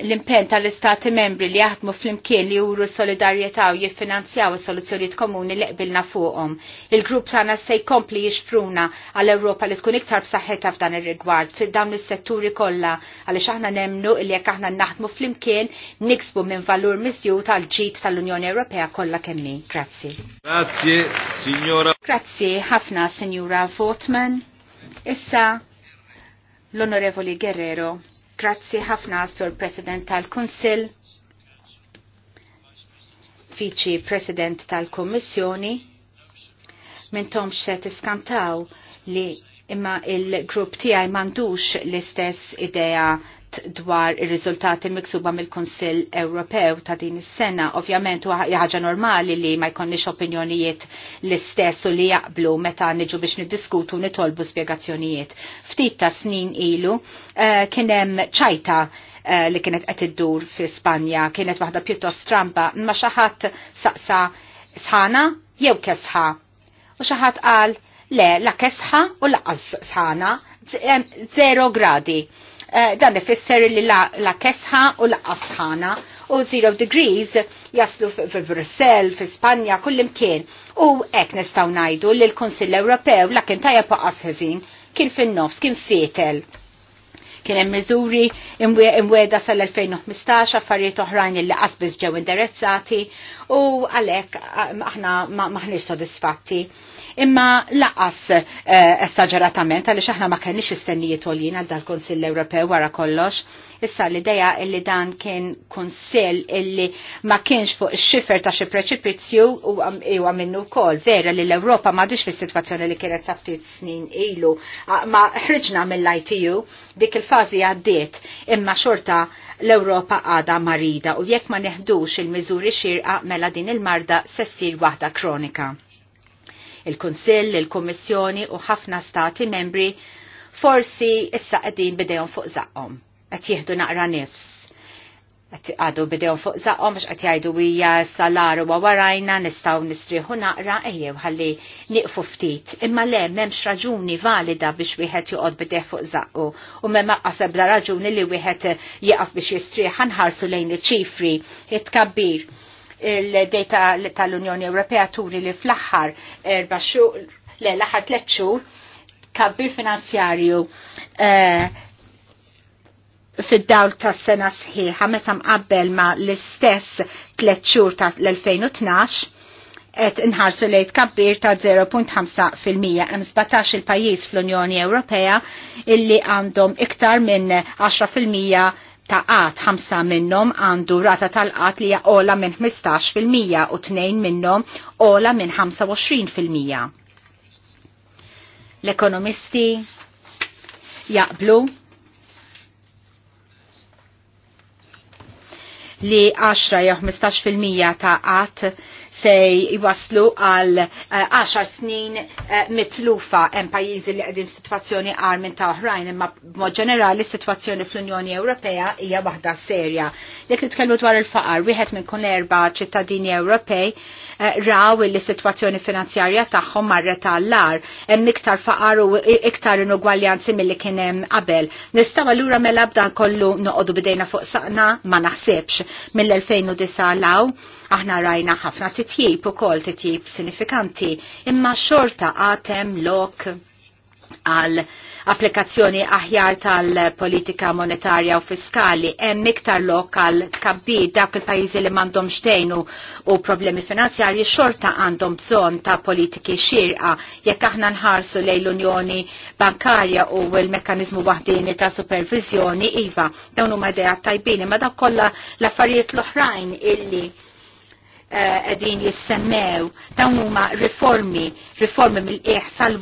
l-impen tal-istati membri li jaħdmu fl-imkien li juru solidarjetà u jiffinanzjaw is-soluzzjonijiet komuni li qbilna fuqhom. Il-grupp tagħna se jkompli jixfruna għall ewropa li tkun iktar b'saħħetha f'dan ir-rigward fid dawn is-setturi kollha għaliex aħna nemnu li jekk aħna naħdmu fl-imkien niksbu minn valur miżju tal-ġid tal-Unjoni Ewropea kollha kemmi. Grazzi. Grazzi, signora. Grazzi ħafna, Signora Votman. Issa l-Onorevoli Guerrero Grazzi ħafna sur President tal-Kunsil, Viċi President tal-Kommissjoni, mintom se tiskantaw li imma il-grupp tiegħi m'għandux l-istess idea dwar ir-riżultati miksuba mill-Kunsill Ewropew ta' din is-sena. Ovvjament huwa ħaġa normali li ma jkollniex opinjonijiet l-istess u li jaqblu meta niġu biex niddiskutu nitolbu spjegazzjonijiet. Ftit ta' snin ilu eh, kien hemm ċajta eh, li kienet qed iddur fi Spanja kienet waħda pjuttost stramba ma xi ħadd saqsa sħana jew kesħa. U xi ħadd qal le la kesħa u laqqas sħana zero gradi. Eh, dan ifisser li la kesħa u la asħana u zero degrees jaslu fi Brussel, fi Spanja, kullimkien. U ek nistaw najdu li l-Konsill Ewropew la kien tajja paqas ħeżin kien fin-nofs, kien fetel. Kien hemm miżuri imwieda sal-2015 affarijiet oħrajn li qasbis ġew indirezzati u għalhekk aħna maħniex sodisfatti. Ma imma laqas eh, esagġeratament għaliex aħna ma kellix istennijiet għoljien għal dal-Konsill Ewropew wara kollox. Issa l-ideja illi dan kien konsill illi ma kienx fuq ix-xifer ta' xi preċipizzju huwa minnu wkoll vera li l-Ewropa m'għadix fis-sitwazzjoni li kienet sa ftit snin ilu. Ma ħriġna mill-ITU dik il-fażi għaddiet imma xorta l-Ewropa għada marida u jekk ma neħdux il-miżuri xirqa mela din il-marda sessir waħda kronika il-Kunsill, il-Kommissjoni u ħafna stati membri forsi issa qegħdin bidejhom fuq żaqhom qed jieħdu naqra nifs. Għadu bidejhom fuq żaqhom biex qed jgħidu hija salaru wa warajna nistgħu nistrieħu naqra ejjew ħalli nieqfu ftit. Imma le m'hemmx raġuni valida biex wieħed joqgħod bideh fuq zaqqu. u m'hemm aqaseb da raġuni li wieħed jieqaf biex jistrieħ ħanħarsu lejn iċ-ċifri it il-data tal-Unjoni Ewropea turi li fl-aħħar erba' xhur le l-aħħar tliet xhur kabbir finanzjarju eh, fid-dawl tas sena sħiħa meta mqabbel ma l-istess tliet xhur tal-2012 et inħarsu lejt kabbir ta' 0.5% hemm 17 il-pajjiż fl-Unjoni Ewropea illi għandhom iktar minn 10% ta' qat ħamsa minnhom għandu rata tal-qat li jaqola minn 15% u tnejn minnhom ola minn 25%. L-ekonomisti jaqblu li 10 jew 15% ta' qatt se jwaslu għal 10 eh, snin eh, mitlufa hemm pajjiżi li qegħdin f'sitwazzjoni għar minn ta' oħrajn, imma b'mod ġenerali s-sitwazzjoni fl-Unjoni Ewropea hija waħda serja. Jekk nitkellmu dwar il-faqar, wieħed minn kun erba' ċittadini Ewropej eh, raw li s-sitwazzjoni finanzjarja tagħhom marret tal-lar, hemm iktar faqar u iktar inugwaljanzi milli kien hemm qabel. Nistgħu allura mela b'dan kollu noqogħdu bidejna fuq saqna ma naħsibx mill-2009 law Aħna rajna ħafna titjib u kol titjib sinifikanti, imma xorta għatem lok għal applikazzjoni aħjar tal-politika monetarja u fiskali hemm iktar lokal tkabbir dak il-pajjiżi li m'għandhom xtejnu u problemi finanzjarji xorta għandhom bżonn ta' politiki xirqa jekk aħna nħarsu lejn l-Unjoni Bankarja u l-mekkaniżmu waħdini ta' supervizjoni iva dawn huma idea tajbin imma dak kollha l-affarijiet l-oħrajn illi Eh, għedin jissemmew dawn huma riformi, riformi mill-qiegħ sal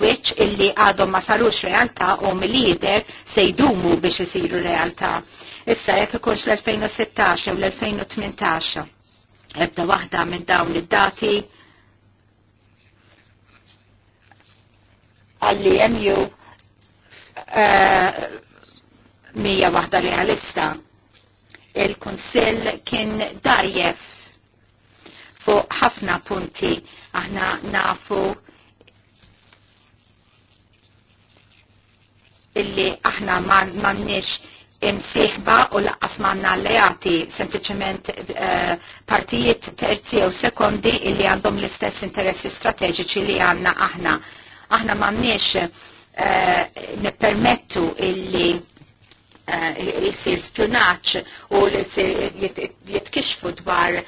illi għadhom ma sarux realtà u mill-lider se jdumu biex isiru realtà. Issa jekk ikunx l-2016 u l-2018 ebda waħda minn dawn id-dati għalli jemju uh, eh, mija waħda realista. Il-Konsil kien dajjef fuq ħafna punti aħna nafu illi aħna m'għandniex imsieħba u laqqas manna alleati sempliċement eh, partijiet terzi u sekondi illi għandhom l-istess interessi strateġiċi li għanna aħna. Aħna m'għandniex eh, nippermettu illi Eh, jisir spionaċ u jitkixfu dwar eh,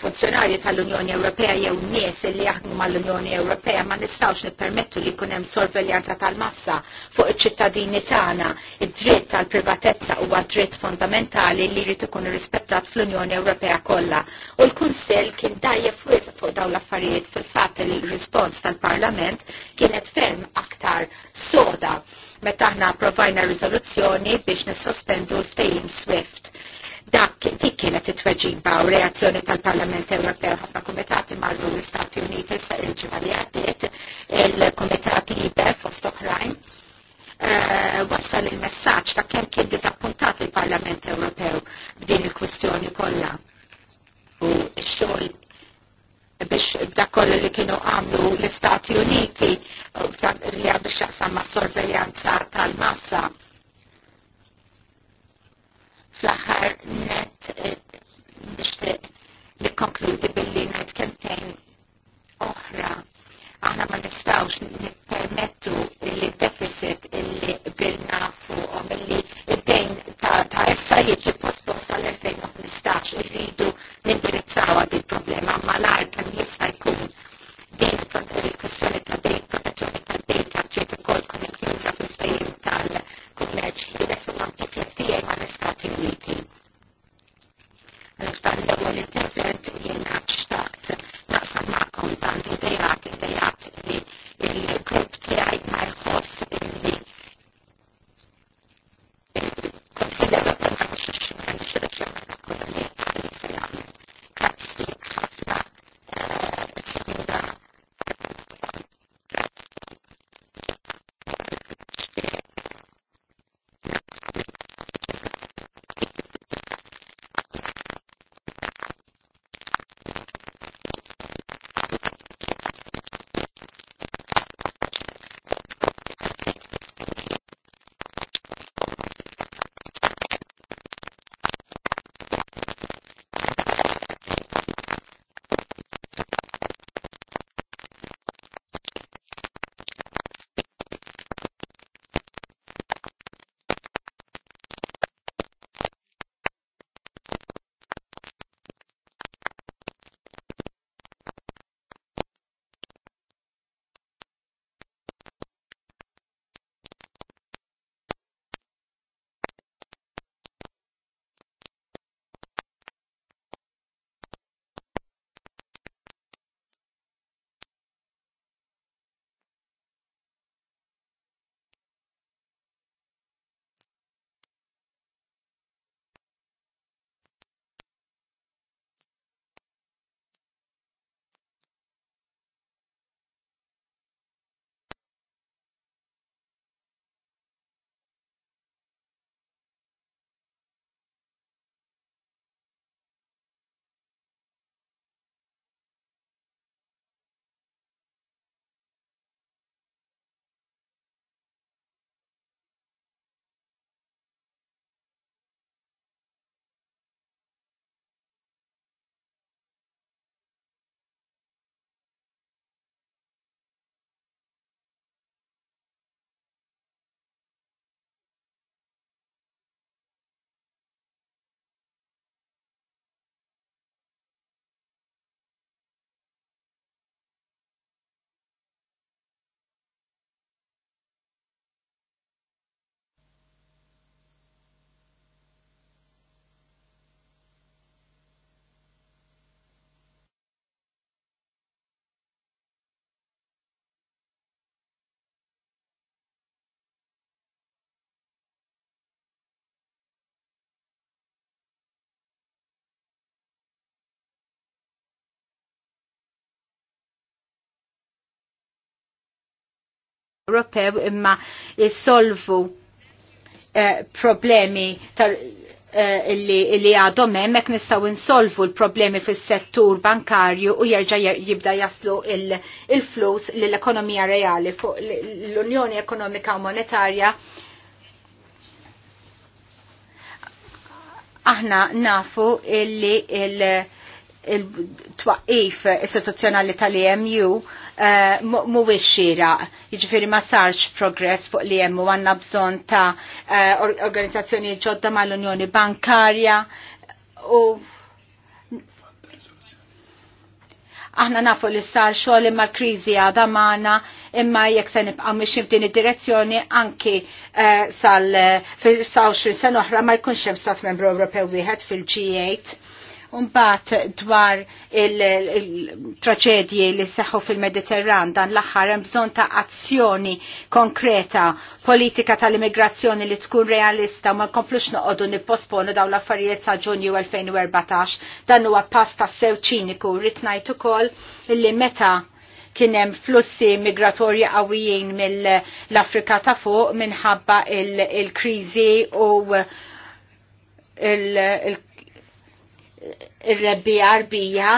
funzjonarji tal-Unjoni Ewropea jew nies li jaħdmu mal-Unjoni Ewropea ma nistgħux nippermettu li jkun hemm sorveljanza tal-massa fuq iċ-ċittadini tagħna. Id-dritt tal-privatezza huwa dritt fondamentali li jrid ikun irrispettat fl-Unjoni Ewropea kollha. U l-Kunsell kien dajjef wiesa fuq dawn l-affarijiet fil-fatt il-rispons tal-Parlament kienet ferm aktar soda meta aħna approvajna rizoluzzjoni biex nissospendu l-ftehim Swift. Dak dik kienet it-tweġiba u reazzjoni tal-Parlament Ewropew ħafna kumitati marru l-Istati Uniti sa il-ġimgħa li għaddiet il-kumitati IBEF fost oħrajn. Eh, wassal il-messaġġ ta' kemm kien dizappuntat il-Parlament Ewropew b'din il-kwistjoni kollha. U x-xogħol biex dakoll li kienu għamlu l-Istati Uniti uh, li għabiex jaqsam ma' sorveljanza tal-massa. Fl-aħħar net eh, nixtieq li konkludi billi ngħid kentejn oħra aħna ma nistawx nippermettu li deficit illi bilna fuqhom li 2000 ta' essa jiġi pospost għal-2015 irridu nindirizzaw għad il-problema ma l-għar kem jista' jkun din il-kwestjoni ta' din protezzjoni Ewropew imma jissolvu eh, problemi tar eh, li għadhom hemmhekk nistgħu insolvu l-problemi fis-settur bankarju u jerġa' jibda jaslu il-flus il flus lill ekonomija reali fuq l-Unjoni Ekonomika u Monetarja aħna nafu illi il- il-twaqif istituzzjonali tal-EMU eh, uh, mhuwiex xira. Jiġifieri ma sarx progress fuq l-EMU għandna bżonn ta' eh, organizzazzjoni ġodda mal-Unjoni Bankarja u aħna nafu li sar xogħol imma l-kriżi għadha imma jekk se nibqa' mixi f'din id-direzzjoni anki eh, sal 20 sena oħra ma jkunx hemm stat membru Ewropew wieħed fil-G8 Umbat dwar il-traċedji il li seħu fil-Mediterran dan l-axħar hemm bżonn ta' azzjoni konkreta, politika tal-immigrazzjoni li tkun realista ma nkomplux noqogħdu nipposponu dawn l-affarijiet sa' Ġunju 2014. Dan huwa pass ta' sew ċiniku rrid ngħid ukoll li meta kien hemm flussi migratorji qawwijin mill-Afrika ta' fuq minħabba il-kriżi u il ir-rebbija arbija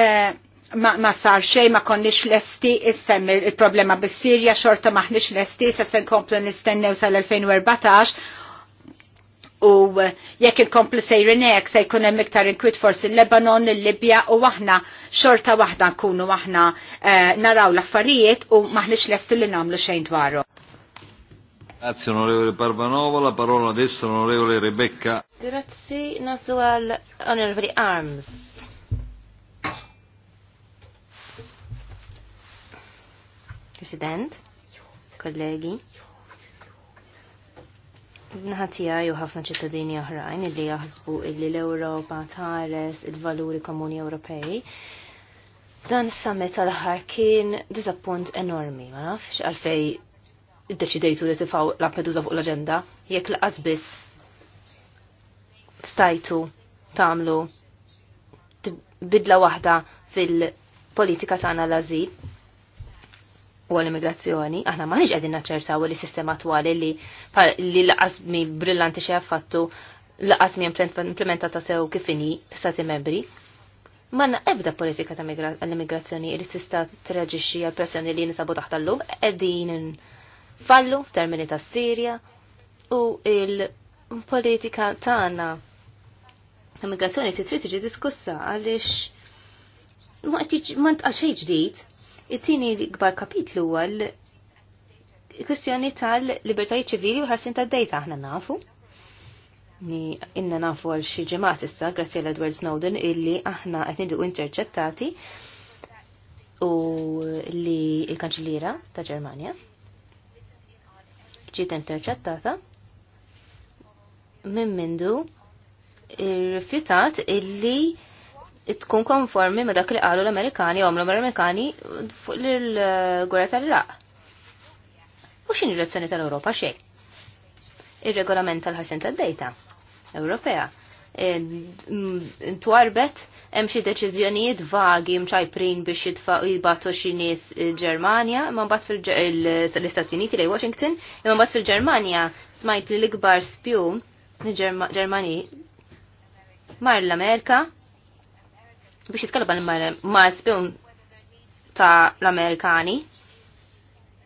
eh, ma, sar xej ma konniex lesti issem il-problema bis-Sirja xorta maħniex lesti se se nkomplu nistennew sal-2014 u eh, jekk inkomplu sejrin hekk se jkun hemm iktar inkwit forsi il-Lebanon, il-Libja u aħna xorta waħda nkunu aħna eh, naraw l-affarijiet u maħniex lesti li nagħmlu xejn dwarhom. Grazie onorevole Parvanova, la parola adesso onorevole Rebecca. Grazie, Nazual għal onorevole Arms. President, kollegi, naħatija ju ħafna ċittadini oħrajn illi jaħsbu illi l-Europa tares il-valuri komuni Ewropej dan is-summit tal-aħħar kien diżappunt enormi, ma nafx għalfej id-deċidejtu li tifaw Lampedusa fuq l-agenda, jekk laqas biss stajtu tamlu bidla waħda fil-politika tagħna l-azil u l immigrazzjoni aħna maħniġ għedin naċċertaw li sistema attuali li li l-qasmi brillanti xie għaffattu l-qasmi implementata sew kifini f-stati membri. Manna ebda politika ta' l-immigrazzjoni li tista' treġixxi għal pressjoni li nisabu taħt l-lum, għedin fallu f'termini ta' Sirja u il-politika tagħna l-immigrazzjoni si trid tiġi diskussa għaliex ma ntqal xejn ġdid. It-tieni kbar kapitlu huwa l-kwistjoni tal-libertajiet ċivili u ħarsin tad-dejta aħna nafu. Ni inna nafu għal xi ġemat issa grazzi għal Edward Snowden illi aħna qed nidu interċettati u li il kanċellira ta' Ġermanja ġiet interċettata minn mindu rifjutat illi tkun konformi ma dak li qalu l-Amerikani għom l-Amerikani fuq l-gwerra tal-Iraq. U x'in ir razzjoni tal-Ewropa xejn? Ir-regolament tal-ħarsin tad-dejta Ewropea intwarbet, hemm xi deċiżjonijiet vagi mċajprin biex jitfaq jibgħatu xi nies eh, Ġermanja, imma mbagħad fil-Istati Uniti lej Washington, imma mbagħad fil-Ġermanja smajt li l-ikbar spju Ġermani mar l-Amerika biex jitkellem ma' spjun ta' l-Amerikani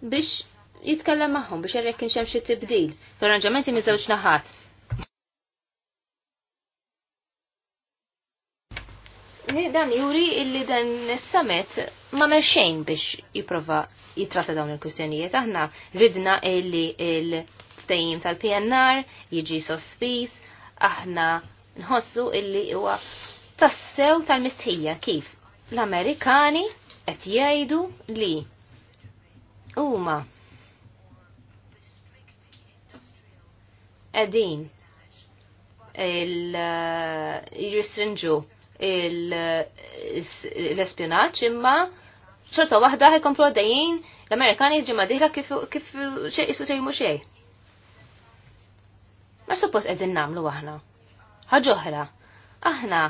biex jitkellem magħhom biex jerrek kien xi tibdil. L-arranġamenti miżewġ naħat dan juri illi dan is-summit ma xejn biex jipprova jitratta dawn il kustjonijiet Aħna ridna illi il-ftajim tal-PNR jiġi sospis, aħna nħossu illi huwa tassew tal-mistħija kif l-Amerikani qed jgħidu li huma qegħdin il uh, l-espionaċ imma ċorta waħda ħajkomplu għaddejjien l-Amerikani ġimma diħla kif xej isu xej mux xej. Ma suppos edin namlu għahna. ħagħuħra. Aħna,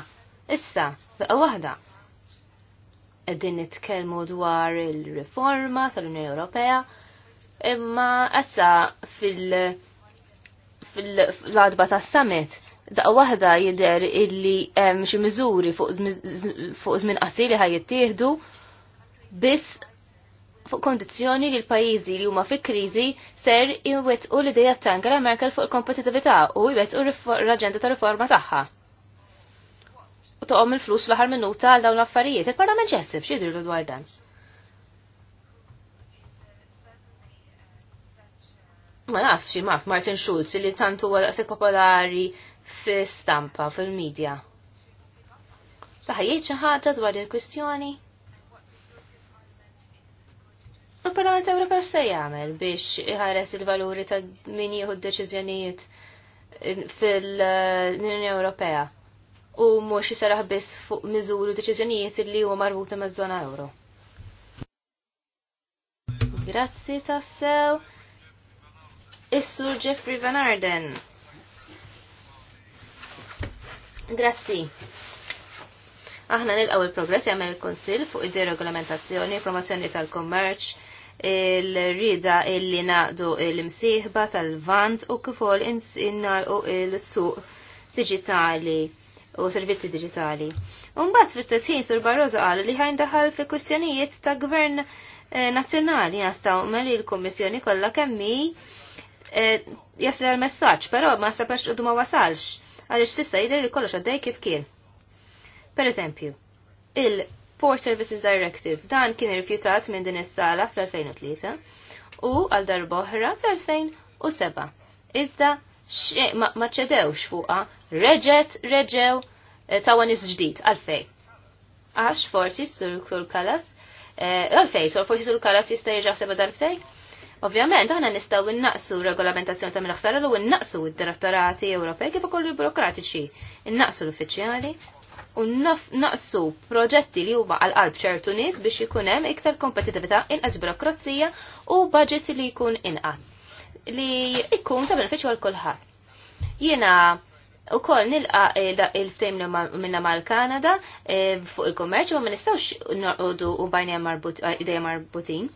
issa, daqqa waħda. Edin nitkelmu dwar il-reforma tal-Unjoni Ewropea, imma issa fil- fil-ladba ta' summit daqqa waħda jidher illi xi miżuri fuq żmien qasir li ħajjittieħdu biss fuq kondizzjoni li l-pajjiżi li huma fi kriżi ser iwettqu l idea ta' Angela Merkel fuq il-kompetitività u jwettqu l-aġenda ta' riforma tagħha. U toqom il-flus l-aħħar minuta għal dawn l-affarijiet. Il-Parlament ġessib x'jidrilu dwar dan. Ma nafx, ma Martin Schulz li tantu għal popolari fil-stampa, fil-medja. Saħajiet xi ħaġa dwar il-kwistjoni? Il-Parlament Ewropew se jagħmel biex iħares il-valuri ta' min jieħu d-deċiżjonijiet fil-Unjoni Ewropea u mhux jisaraħ biss fuq miżuri u deċiżjonijiet li huwa marbuta maż-żona euro. Grazzi tassew. Is-Sur Jeffrey Van Arden. Grazzi. Aħna nilqaw il-progress jagħmel il-Kunsill fuq id-deregolamentazzjoni, promozzjoni tal-kummerċ, il-rida illi naqdu il-msieħba tal-vant u kif ukoll u il-suq digitali u servizzi digitali. Unbat fil istess ħin sur Barroso qal li ħajn daħal fi kwistjonijiet ta' gvern eh, nazzjonali jastaw li l-Kummissjoni kollha kemmi eh, jasli għal messaġġ però ma sabax u ma wasalx għaliex sissa jidher li kollox għaddej kif kien. Per eżempju, il-Port Services Directive dan kien irrifjutat minn din is-sala fl-2003 u għal oħra fl-2007. Iżda ma ċedewx fuqa, reġet, reġew eh, tawanis ġdid għalfej. Għax forsi sur kalas, eh, għalfej, sur forsi sur kalas jista' jirġa' seba darbtej? Ovvjament, aħna nistgħu innaqsu regolamentazzjoni ta' mill-ħsara u innaqsu d-direttorati Ewropej kif ukoll il-burokratiċi, innaqsu l-uffiċjali u naqsu proġetti li huma għal qalb ċertu nies biex ikun hemm iktar kompetitività inqas burokrazija u budget li jkun inqas li jkun ta' benefiċċju għal kulħadd. Jiena U koll nilqa il-ftejm minna mal-Kanada fuq il-kommerċ, ma nistawx noqodu u bajnija marbutin.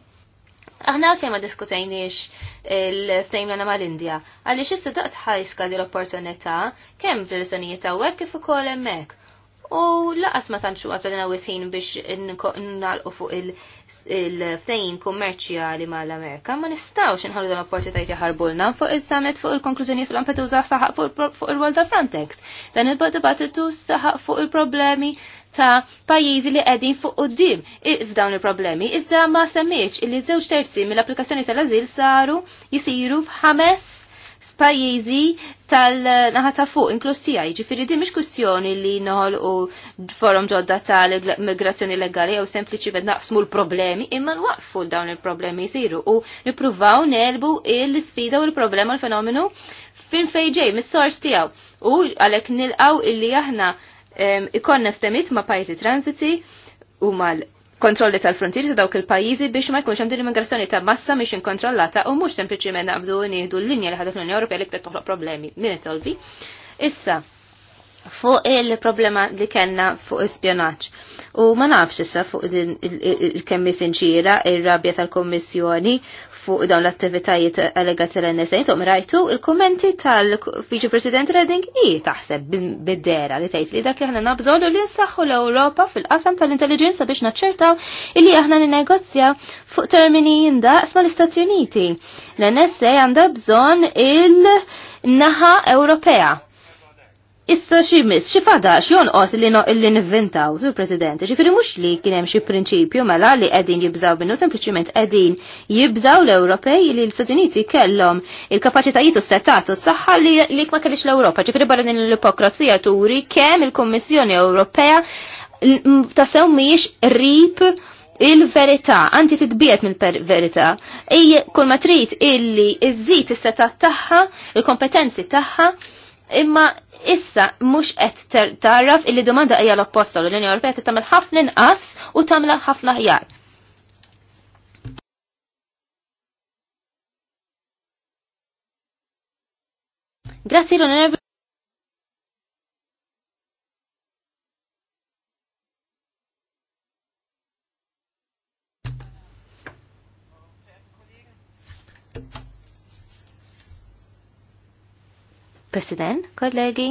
Aħna għalfejn ma diskutejniex il fejn l mal-Indja, għaliex issa daqt ħajska di l-opportunità kemm fil-risanijiet għawek kif ukoll hemmhekk. U laqas ma tantxu għafna wisħin biex nalqu fuq il-ftejn kummerċjali mal-Amerika, ma nistawx nħallu dan l-opportunita ħarbulna fuq il-summit fuq il-konklużjoni fuq Lampedusa saħaq fuq il-World Frontex. Dan il-dibattitu saħaq fuq il-problemi ta' pajjiżi li qegħdin fuq quddiem f'dawn il-problemi. Iżda ma semmiċ illi żewġ terzi mill-applikazzjoni tal-ażil saru jisiru f'ħames pajjiżi tal-naħa ta' fuq inklus tijaj, ġifiri di mhix kwistjoni li u forum ġodda tal-migrazzjoni legali jew sempliċi bed naqsmu l-problemi imma nwaqfu dawn il-problemi jsiru u nippruvaw nelbu l-isfida u l-problema l-fenomenu fin fejġej mis-sors tiegħu u għalhekk nilqaw illi aħna ikonna ftemit ma' pajjiżi transiti u mal kontrolli tal frontiri ta' dawk il-pajjiżi biex ma jkunx hemm din immigrazzjoni ta' massa biex inkontrollata u mhux sempliċiment naqbdu nieħdu l-linja li ħadet l-Unjoni Ewropea li ktet toħloq problemi min itolvi. Issa, fuq il-problema li kellna fuq ispjonaġġ. U ma nafx issa fuq din il kemmi sinċira ir-rabja tal-Kommissjoni fuq dawn l-attivitajiet allegati l-NSA, intom rajtu il-kommenti tal fiġi President Redding i taħseb bid-dera li tgħid li dak li aħna nabżolu li nsaħħu l-Ewropa fil-qasam tal-intelligenza biex naċċertaw illi aħna ninegozja fuq termini jindaqs mal-Istati Uniti. L-NSA għandha bżonn il-naħa Ewropea Issa xi miss, xi fada, xi jonqos li no illi nivvintaw, sur President, ġifieri mhux li kien hemm xi prinċipju mela li qegħdin jibżaw minnu, sempliċiment qegħdin jibżaw l-Ewropej li l istati Uniti kellhom il-kapaċitajiet u s-settat u s-saħħa li ma kellix l-Ewropa, ġifieri barra din l-ipokrazija turi kemm il-Kummissjoni Ewropea tasew mhijiex rip il-verità, anti titbiet mill-verità, ej kull ma trid illi iżżid is-setat tagħha, il-kompetenzi tagħha, imma issa mhux qed taraf illi domanda hija l-opposta l-Unjoni Ewropea qed tagħmel ħafna inqas u tagħmel ħafna aħjar. Grazie l President, kollegi.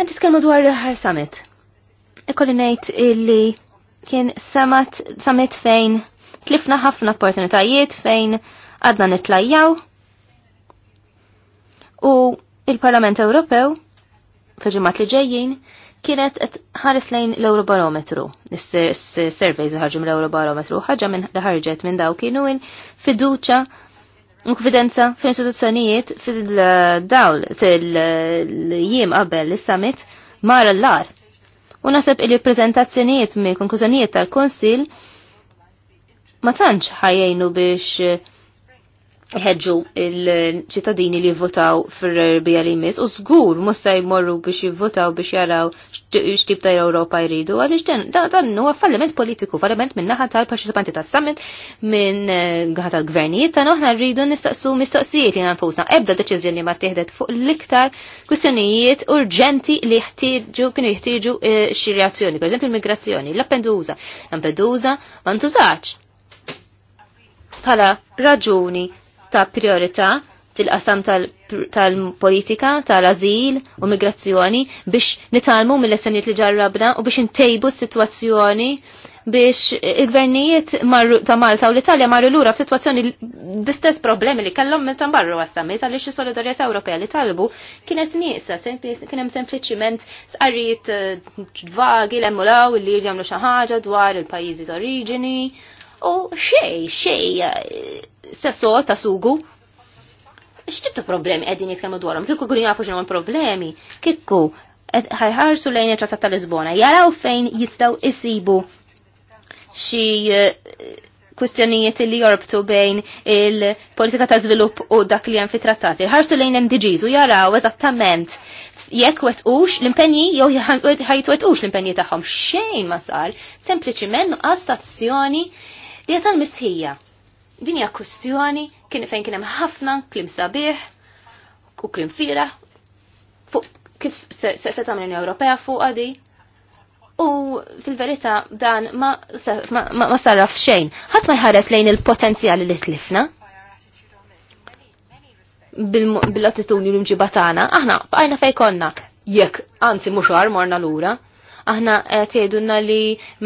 Għan titkellmu dwar l-ħar summit. Ikolli ngħid illi kien summit, summit fejn tlifna ħafna opportunitajiet fejn għadna nitlajjaw u il-Parlament Ewropew fil-ġimgħat li ġejjin kienet ħares lejn l-Eurobarometru. Is-surveys ħarġu mill-Eurobarometru ħaġa minn ħarġet minn daw kienu in fiduċa Mkvidenza fil-istituzzjonijiet fil-dawl fil-jiem qabel is-summit mara l-lar. U naseb il prezentazzjonijiet me konklużjonijiet tal-Konsil ma tantx ħajjejnu biex ħedġu il-ċittadini li votaw fir-rbija li jmiss u żgur musta jmorru biex jivvotaw biex jaraw x'tib ta' Ewropa jridu għaliex dan huwa falliment politiku, falliment minn naħa tal-parċipanti tas-summit minn eh, naħa tal-gvernijiet tagħna aħna rridu nistaqsu mistoqsijiet li nfusna ebda deċiżjoni ma tieħdet fuq l-iktar kwistjonijiet urġenti li jħtieġu kienu jħtieġu eh, xi reazzjoni, pereżempju l-migrazzjoni, l appenduża Lampedusa ma ntużax bħala raġuni ta' priorità fil-qasam tal-politika, tal-azil u migrazzjoni biex nitalmu mill-lessonijiet li ġarrabna u biex intejbu s-situazzjoni biex il-gvernijiet ta' Malta u l-Italja marru lura f'sitwazzjoni bistess problemi li kellhom minn barru għas-summit għaliex is-solidarjetà Ewropea li talbu kienet nisa, kien hemm s sqarrijiet eh, vagi l-emmulaw li jgħamlu xi ħaġa dwar il-pajjiżi origini u xej, xej eh, sesso ta' sugu. X'tib problemi qegħdin jitkellmu dwarhom? kikku għurin jafu xinu problemi, kikku ħajħarsu lejn it-Trattat ta' Lisbona, jaraw fejn jistgħu isibu xi eh, kwistjonijiet li jorbtu bejn il-politika ta' żvilupp u dak li hemm fi trattati Ħarsu lejn MDGs u jaraw eżattament jekk wetqux l-impenji jew ħajtwetqux l-impenji tagħhom. Xejn ma sar, sempliċiment nuqqas tazzjoni li tal-mistħija. Din hija kwestjoni kien fejn kien hemm ħafna klim sabiħ u klim fira fuq kif se, se, tagħmel Ewropea fuq għadi. U fil-verità dan ma, sarraf xejn. Ħadd ma jħares lejn il-potenzjali li tlifna bil-attitudni l-imġibatana, aħna bajna fej konna, jekk, anzi mux għar morna l-ura, Aħna tiedunna li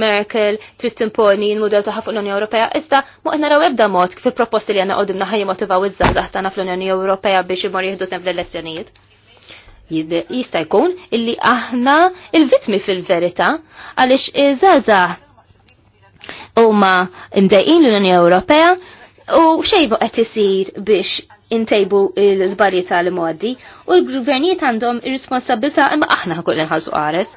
Merkel trid timponi l-mudell tagħha fuq l-Unjoni Ewropea, iżda ma naraw ebda mod kif proposti li għandna għodimna ħajja motivaw iż-żgħażagħ tagħna fl-Unjoni Ewropea biex imor jieħdu sem fl-elezzjonijiet. Jista' jkun illi aħna il-vitmi fil-verità għaliex iż-żgħażagħ huma imdejqin l-Unjoni Ewropea u xejbu qed isir biex intejbu l-żbalji tal-modi u l-gvernijiet għandhom ir-responsabilità imma aħna ħakul inħallsu qaret.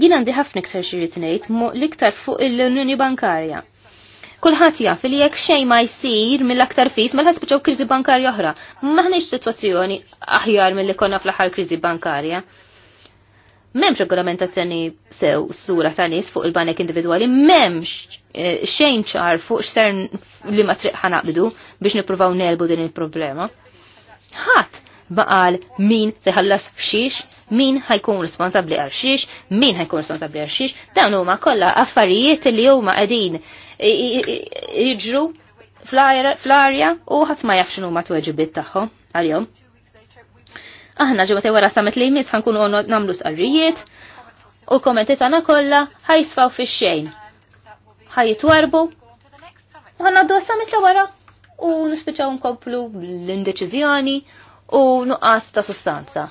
Jien għandi ħafna iktar xirrit ngħid l-iktar fuq l-Unjoni Bankarja. Kulħadd jaf li jekk xejn ma jsir mill-aktar fis ma ħasbiċew kriżi bankarja oħra. M'aħniex sitwazzjoni aħjar milli konna fl-aħħar kriżi bankarja. M'hemmx regolamentazzjoni sew sura ta' nies fuq il-banek individwali, m'hemmx eh, xejn ċar fuq x'ser li ma triq ħanaqbdu biex nippruvaw nelbu din il-problema. Ħadd baqal min seħallas xiex, min ħajkun responsabli għal xiex, min ħajkun responsabli għal xiex, dawn huma kollha affarijiet li huma qegħdin jiġru fl-arja u ħadd ma jafx huma tweġibiet tagħhom għal-jom. Aħna ġibgħet wara samet li jmiss ħankunu nagħmlu sqarrijiet u kommenti tagħna kollha ħajsfaw fix-xejn. Ħajitwarbu u ħanaddu samet l wara u nispiċaw nkomplu l-indeċiżjoni u nuqqas ta' sustanza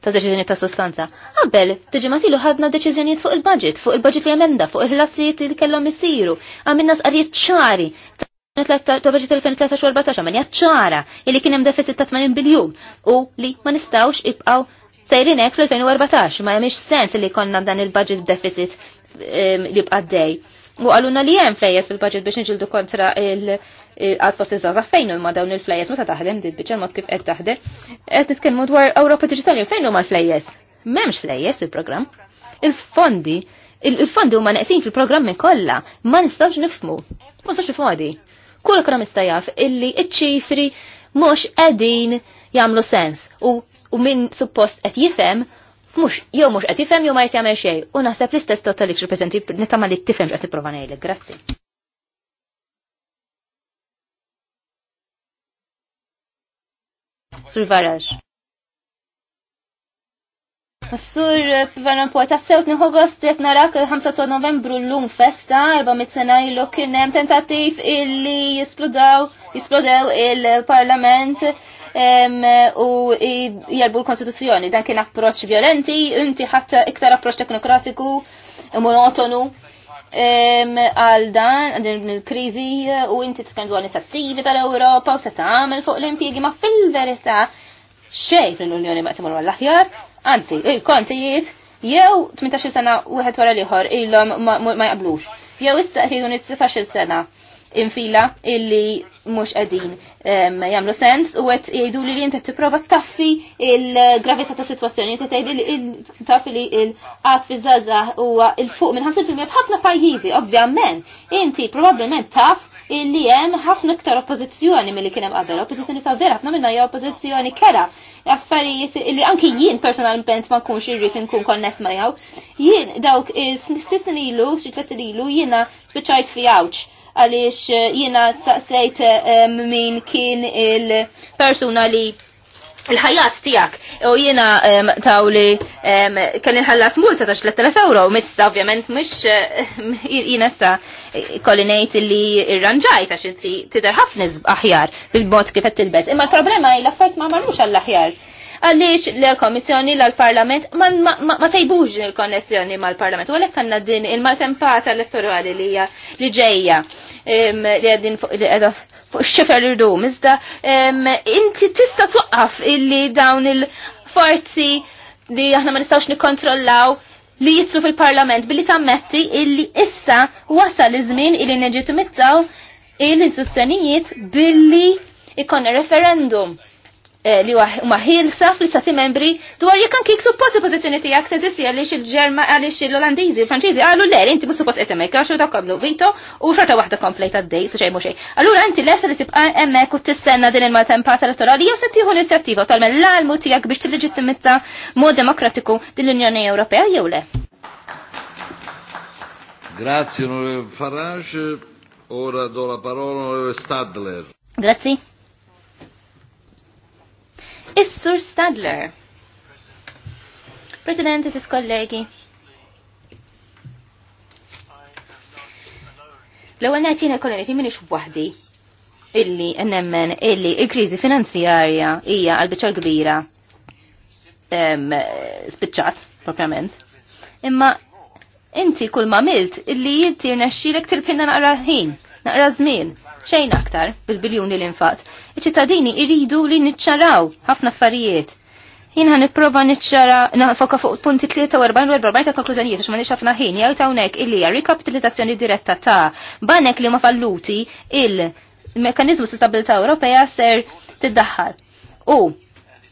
ta' deċiżjoni ta' sostanza. Qabel, tiġi matilu ħadna deċiżjonijiet fuq il-budget, fuq il-budget li għamenda, fuq il-ħlasijiet li kellhom isiru. Għamilna sqarijiet ċari ta' budget 2013-2014 għamilna ċara li kien hemm deficit ta' 80 biljun u li ma nistawx ibqgħu sejrin hekk fl-2014 ma jemix sens li konna dan il-budget deficit ehm, li bqa' dej. U għaluna li hemm flejjes fil-budget biex nġildu kontra il- għad fost il żaza fejn huma dawn il ma meta taħdem dit biċċa mod kif qed taħdem. Qed nitkellmu dwar Ewropa Diġitali fejn ma l-flejjes? M'hemmx flejjes il-programm. Il-fondi il-fondi huma neqsin fil-programmi kollha, ma nistgħux nifhmu. Ma sax fodi. Kull kram jaf illi iċ-ċifri mhux qegħdin jagħmlu sens u, min suppost qed jifhem mhux jew mhux qed jifhem jew ma jagħmel xejn u naħseb l-istess totalik reprezenti nittama li tifhem x'qed tipprova ngħidlek. Grazzi. Sur varaj. Sur po ta sewt ni għost jek narak 5 novembru l-lum festa, mit sena ilu kienem tentativ illi jisplodaw, jisplodew il-parlament u jelbu l-konstituzjoni. Dan kien approċ violenti, inti ħatta iktar approċ teknokratiku, monotonu għal dan din il-krizi u inti tkellem dwar l tal-Ewropa u se tagħmel fuq l-impjiegi ma fil-verità xejn fl-Unjoni ma jsimur għall-aħjar, anzi il-kontijiet jew 18 sena wieħed wara l-ieħor ilhom ma jaqblux. Jew issa qiegħu 19 sena infila illi mux għedin jamlu sens u għet jgħidu li jinti t-prova taffi il-gravità ta' situazzjoni, jinti tgħidi li taffi li il għat fi zaza u il-fuq minn 50% bħafna pajjiżi, ovvjament, inti probabbilment taf illi hemm ħafna iktar oppożizzjoni milli kien hemm qabel, oppożizzjoni ta' vera, ħafna minnha hija oppożizzjoni kera. Affarijiet illi anki jien personalment ma nkunx irrid inkun konness ma jew. Jien dawk is-snin ilu, xi nilu ilu jiena speċajt fi għawċ għaliex eh, jiena staqsejt eh, min kien il-persuna li il-ħajat tijak. U jina tawli taw li um, kellin ħallas multa ta' 3000 euro, missa ovvjament mux eh, jina sa kolinejt li irranġaj ta' xinti tider ħafna aħjar fil-bot kifet tilbes. Imma il-problema il affart ma' marrux għall-aħjar għaliex l-Komissjoni l-Parlament ma tajbux il-konnezzjoni mal-Parlament. U għalhekk għandna din il-maltempata elettorali li hija li ġejja li għaddin fuq xifer irdum. Iżda inti tista' twaqqaf illi dawn il-forzi li aħna ma nistgħux nikkontrollaw li jitsu fil-parlament billi tammetti illi issa wasal iż-żmien illi neġitimizzaw il-istituzzjonijiet billi ikon referendum Eh, li huma ħilsa fl-istati membri dwar jekk anke suppost il-pożizzjoni tiegħek teżisti għaliex il-Ġerma għaliex l-Olandiżi, il franċiżi qalu le inti mhux suppost qed hemmhekk għax dawk qablu vito u xorta waħda komplejt għaddej su xejn mhux xejn. Allura inti lesa li tibqa' hemmhekk u tistenna din il-matempata elettorali jew se tieħu inizjattiva talmen l-almu tiegħek biex tilleġittimizza mod demokratiku din l-Unjoni Ewropea jew le. Grazie onorevole Farage, ora do la parola onorevole Stadler. Grazie. Is-Sur Stadler. President, it is kollegi. L-ewwel ngħid jiena kollu ngħid minix waħdi illi nemmen illi il kriżi finanzjarja hija għal biċċar kbira spiċċat propjament. Imma inti kull ma milt illi jittir rnexxilek tirpinna naqra ħin, naqra żmien xejn aktar bil-biljuni li infaqt. Iċ-ċittadini iridu li niċċaraw ħafna affarijiet. Jien ħan nipprova niċċara nafoka fuq punti 43 u 44 ta' konklużjonijiet għax ma nix ħafna ħin jgħid hawnhekk illi hija rikapitalizzazzjoni diretta ta' banek li ma falluti il-mekanizmu stabilità Ewropea ser tiddaħħal. U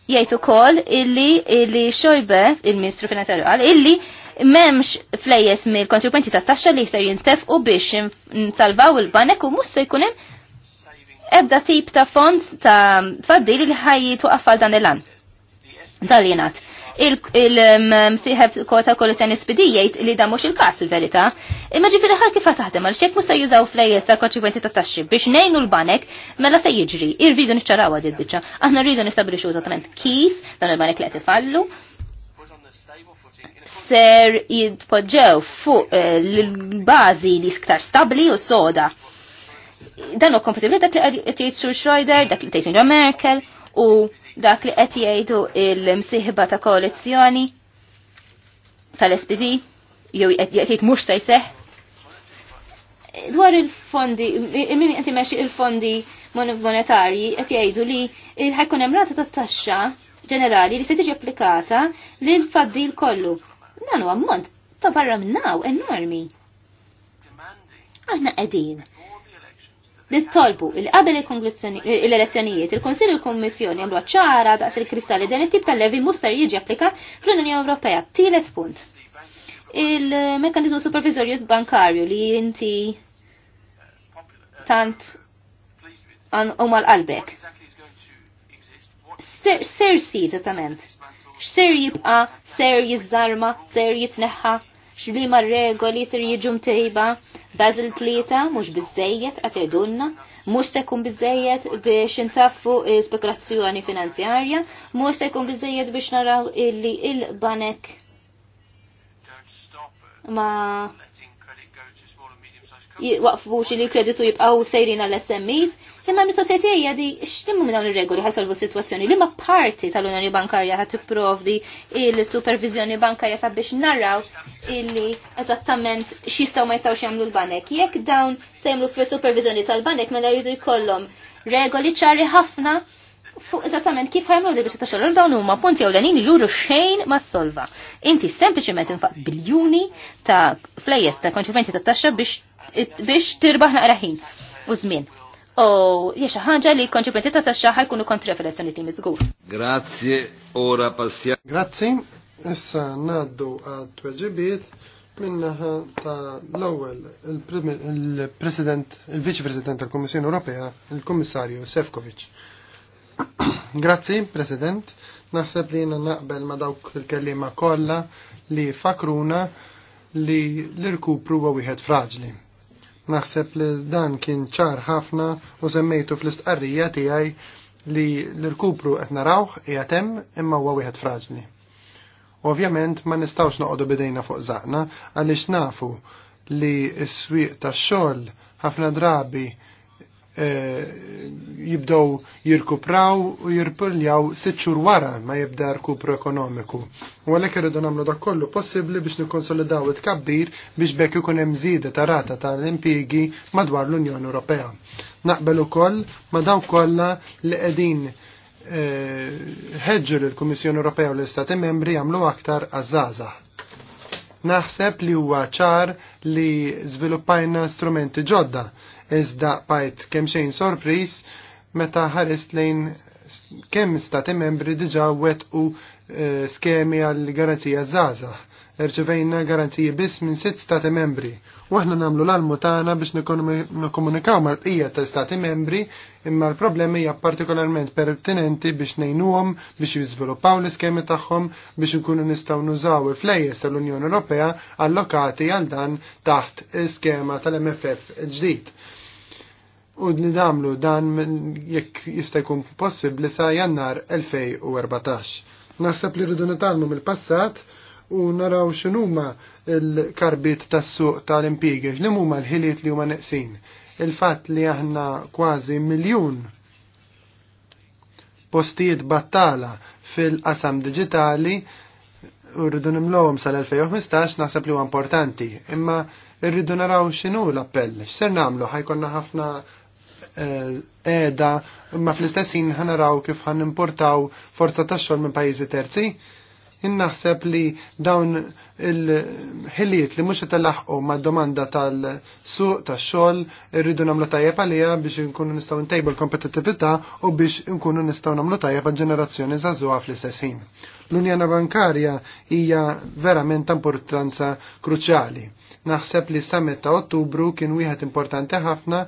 jgħid ukoll illi illi xojbe il-Ministru Finanzjarju qal illi memx flejjes mill konsekwenzi ta' taxxa li jser jintefqu biex nsalvaw il-banek u mus se jkunem ebda tip ta' fond ta' faddili li ħajji tuqqafal dan il-an. Dal-jenat il-msiħeb kota kolletjani spidijajt li da mux il-kas il-verita. Imma fil ħal kif taħdem għal xek musa jużaw flejjes ta' konsekwenzi ta' taxxi biex nejnu l-banek mela se jiġri, irridu nixċaraw għad il-bicċa. Aħna rridu nistabrix użatament kif dan il-banek li għet ifallu ser jitpoġġew fuq eh, l-bazi li iktar stabli u soda. Dan u kompatibli dak li qed jgħid Sur Schroeder, dak li tgħid Merkel u dak li qed jgħidu l-msieħba ta' koalizjoni tal-SPD jew qed jgħid mhux se jseħħ. Dwar il-fondi, min qed imexxi il-fondi monetarji qed jgħidu li ħajkun hemm rata t taxxa ġenerali li se tiġi applikata lil faddil kollu Dan huwa ammont ta' barra minnaw enormi. Aħna qegħdin nittolbu il qabel l-elezzjonijiet il-Konsil il-Kommissjoni għamlu ċara daqs il-kristalli dan it-tip tal-levi mustar jiġi applikat fl-Unjoni Ewropea. Tielet punt. Il-mekanizmu supervizorju bankarju li inti tant għan umal qalbek. Sir sir sir, x'ser jibqa, ser jiżarma, ser jitneħħa, x'liema regoli ser jiġu mtejba. Basil tlieta mhux biżejjed qed jgħidulna, mhux se jkun biex intaffu spekulazzjoni finanzjarja, mhux se jkun biex naraw illi il-banek ma waqfu li kreditu jibqaw sejrin għall smes Imma mis-sosjeti di x'timmu minn dawn ir-regoli ħasolvu s-sitwazzjoni li ma parti tal-Unjoni Bankarja ħad tipprovdi il-supervizjoni bankarja sabiex narraw illi eżattament x'jistgħu ma jistgħux jagħmlu l-banek. Jekk dawn se jagħmlu fil-supervizjoni tal-banek mela jridu jkollhom regoli ċari ħafna fuq eżattament kif ħajmlu li biex xogħol dawn huma punti ewlenin juru xejn ma solva. Inti sempliċement infaq biljuni ta' flejjes ta' konċipenti ta' taxxa biex biex tirbaħ u żmien u jiex ħaġa li konċipenti ta' taxxa jkunu kontra fil-elezzjoni li miżgur. Grazzi, ora passja. Grazzi, issa naddu għat tweġibiet minnaħa ta' l-ewwel il-President, il-Viċi President tal-Kummissjoni Ewropea, il-Kummissarju Sefkovic. Grazzi, President. Naħseb li jena naqbel ma dawk il-kellima kollha li fakruna li l-irkupru huwa wieħed fraġli. Naħseb li dan kien ċar ħafna u semmejtu fl-istqarrija tiegħi li l irkupru qed narawh qiegħed hemm imma huwa wieħed fraġni. Ovvjament ma nistawx noqogħdu bidejna fuq zaqna għaliex nafu li s-swieq tax-xogħol ħafna drabi E, jibdow jirkupraw u jirpuljaw sitxur wara ma jibda rkupru ekonomiku. U għalek irridu namlu dak kollu possibli biex nikkonsolidaw it-kabbir biex bekk ikun hemm żieda ta' rata tal impjiegi madwar l-Unjoni Ewropea. Naqbel ukoll ma daw kollha li qegħdin e, ħeġġu l-Kummissjoni Ewropea u l-Istati Membri jagħmlu aktar għażażaħ naħseb li huwa ċar li żviluppajna strumenti ġodda iżda pajt kemm xejn sorpriż meta ħarist lejn kemm stati membri diġa wetqu e, skemi għal garanzija zaza. Irċevejna garanziji biss minn sitt stati membri. U aħna nagħmlu l-almu tagħna biex nikkomunikaw mal-bqija tal-stati membri imma l problemi hija partikolarment pertinenti biex ngħinuhom biex jiżviluppaw l-iskemi tagħhom biex inkunu nistgħu nużaw il-flejjes tal-Unjoni Ewropea allokati għal dan taħt skema tal-MFF ġdid u li namlu dan jekk jista' jkun possibbli sa jannar 2014. Naħseb li rridu nitalmu mill-passat u naraw x'inhuma l-karbit tas-suq tal-impjiegi, li huma l-ħiliet li huma neqsin. Il-fatt li aħna kważi miljun postijiet battala fil-qasam digitali u rridu nimlowhom sal-2015 naħseb li huwa importanti, imma rridu naraw x'inhu l-appell, x'ser nagħmlu ħajkonna ħafna Eh, qiegħda imma fl istessin ħin ħanaraw kif ħan importaw forza tax-xogħol minn pajjiżi terzi. Innaħseb li dawn il-ħiliet li mhux qed ilaħqu mad-domanda tal-suq tax-xogħol irridu nagħmlu tajjeb għaliha biex inkunu nistgħu ntejbu l-kompetittività u biex inkunu nistgħu nagħmlu tajjeb għal-ġenerazzjoni zazua fl istessin L-Unjana Bankarja hija verament importanza kruċjali Naħseb li summit ta' Ottubru kien wieħed importanti ħafna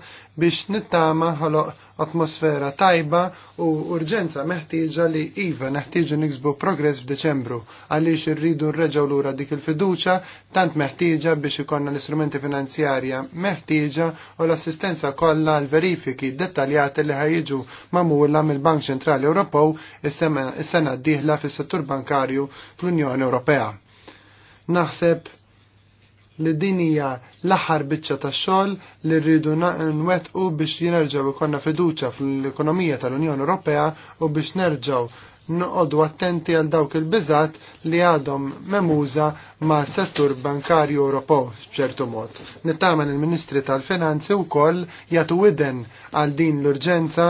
biex nittama ħoloq atmosfera tajba u urġenza meħtieġa li iva neħtieġu niksbu progress f'Deċembru għaliex irridu nreġgħu lura dik il-fiduċa tant meħtieġa biex ikonna l-istrumenti finanzjarja meħtieġa u l-assistenza kollha l-verifiki dettaljati li ħajġu mamula mill-Bank Ċentrali Ewropew is-sena d-dieħla fis-settur bankarju fl-Unjoni Ewropea. Naħseb li din hija l-aħħar biċċa tax-xogħol li rridu nwettqu biex jinerġgħu ikonna fiduċja fl-ekonomija tal-Unjoni Ewropea u biex nerġgħu noqogħdu attenti għal dawk il-biżat li għadhom memuża ma' settur bankarju Ewropew f'ċertu mod. Nittamen il-Ministri tal-Finanzi wkoll jagħtu widen għal din l-urġenza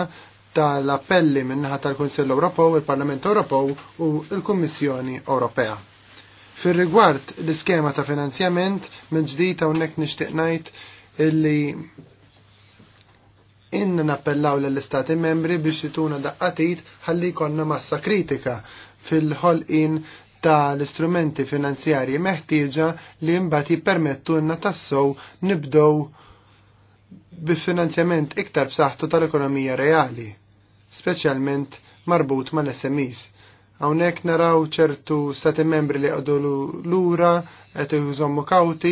tal-appelli minnaħa tal-Konsell Ewropew, il-Parlament Ewropew u l-Kummissjoni Ewropea. Fir rigward l-iskema ta' finanzjament, minn ġdita unnek nishtiq najt illi inna nappellaw l-istati membri biex jituna daqqatit ħalli konna massa kritika fil-ħolqin ta' l-istrumenti finanzjarji meħtieġa li mbagħad jippermettu inna tassow nibdow bi-finanzjament iktar b'saħħtu tal-ekonomija reali, speċjalment marbut mal-SMEs Hawnhekk naraw ċertu stati membri li għadu lura qed jużommu kawti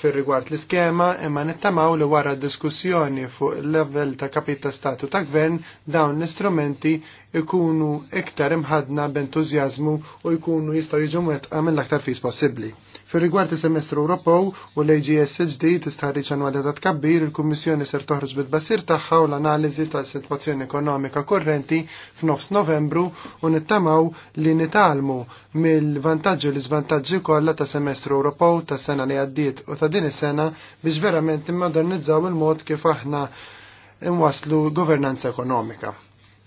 fir-rigward l-iskema imma nittamaw li wara diskussjoni fuq il-level ta' kapita statu ta' gvern dawn l-istrumenti ikunu iktar imħadna b'entużjażmu u jkunu jistgħu jiġu għamil mill-aktar fis possibbli. Fir rigward semestru Ewropew u l-AGS il-ġdid istħarriġ ta' tkabbir, il-Kummissjoni ser toħroġ bit basir tagħha u l-analiżi tas-sitwazzjoni ekonomika korrenti f'nofs Novembru u nittamaw li nitalmu mill-vantaġġi u l-iżvantaġġi kollha ta' semestru Ewropew ta' sena li għaddiet u ta' din is-sena biex verament immodernizzaw il-mod kif aħna imwaslu governanza ekonomika.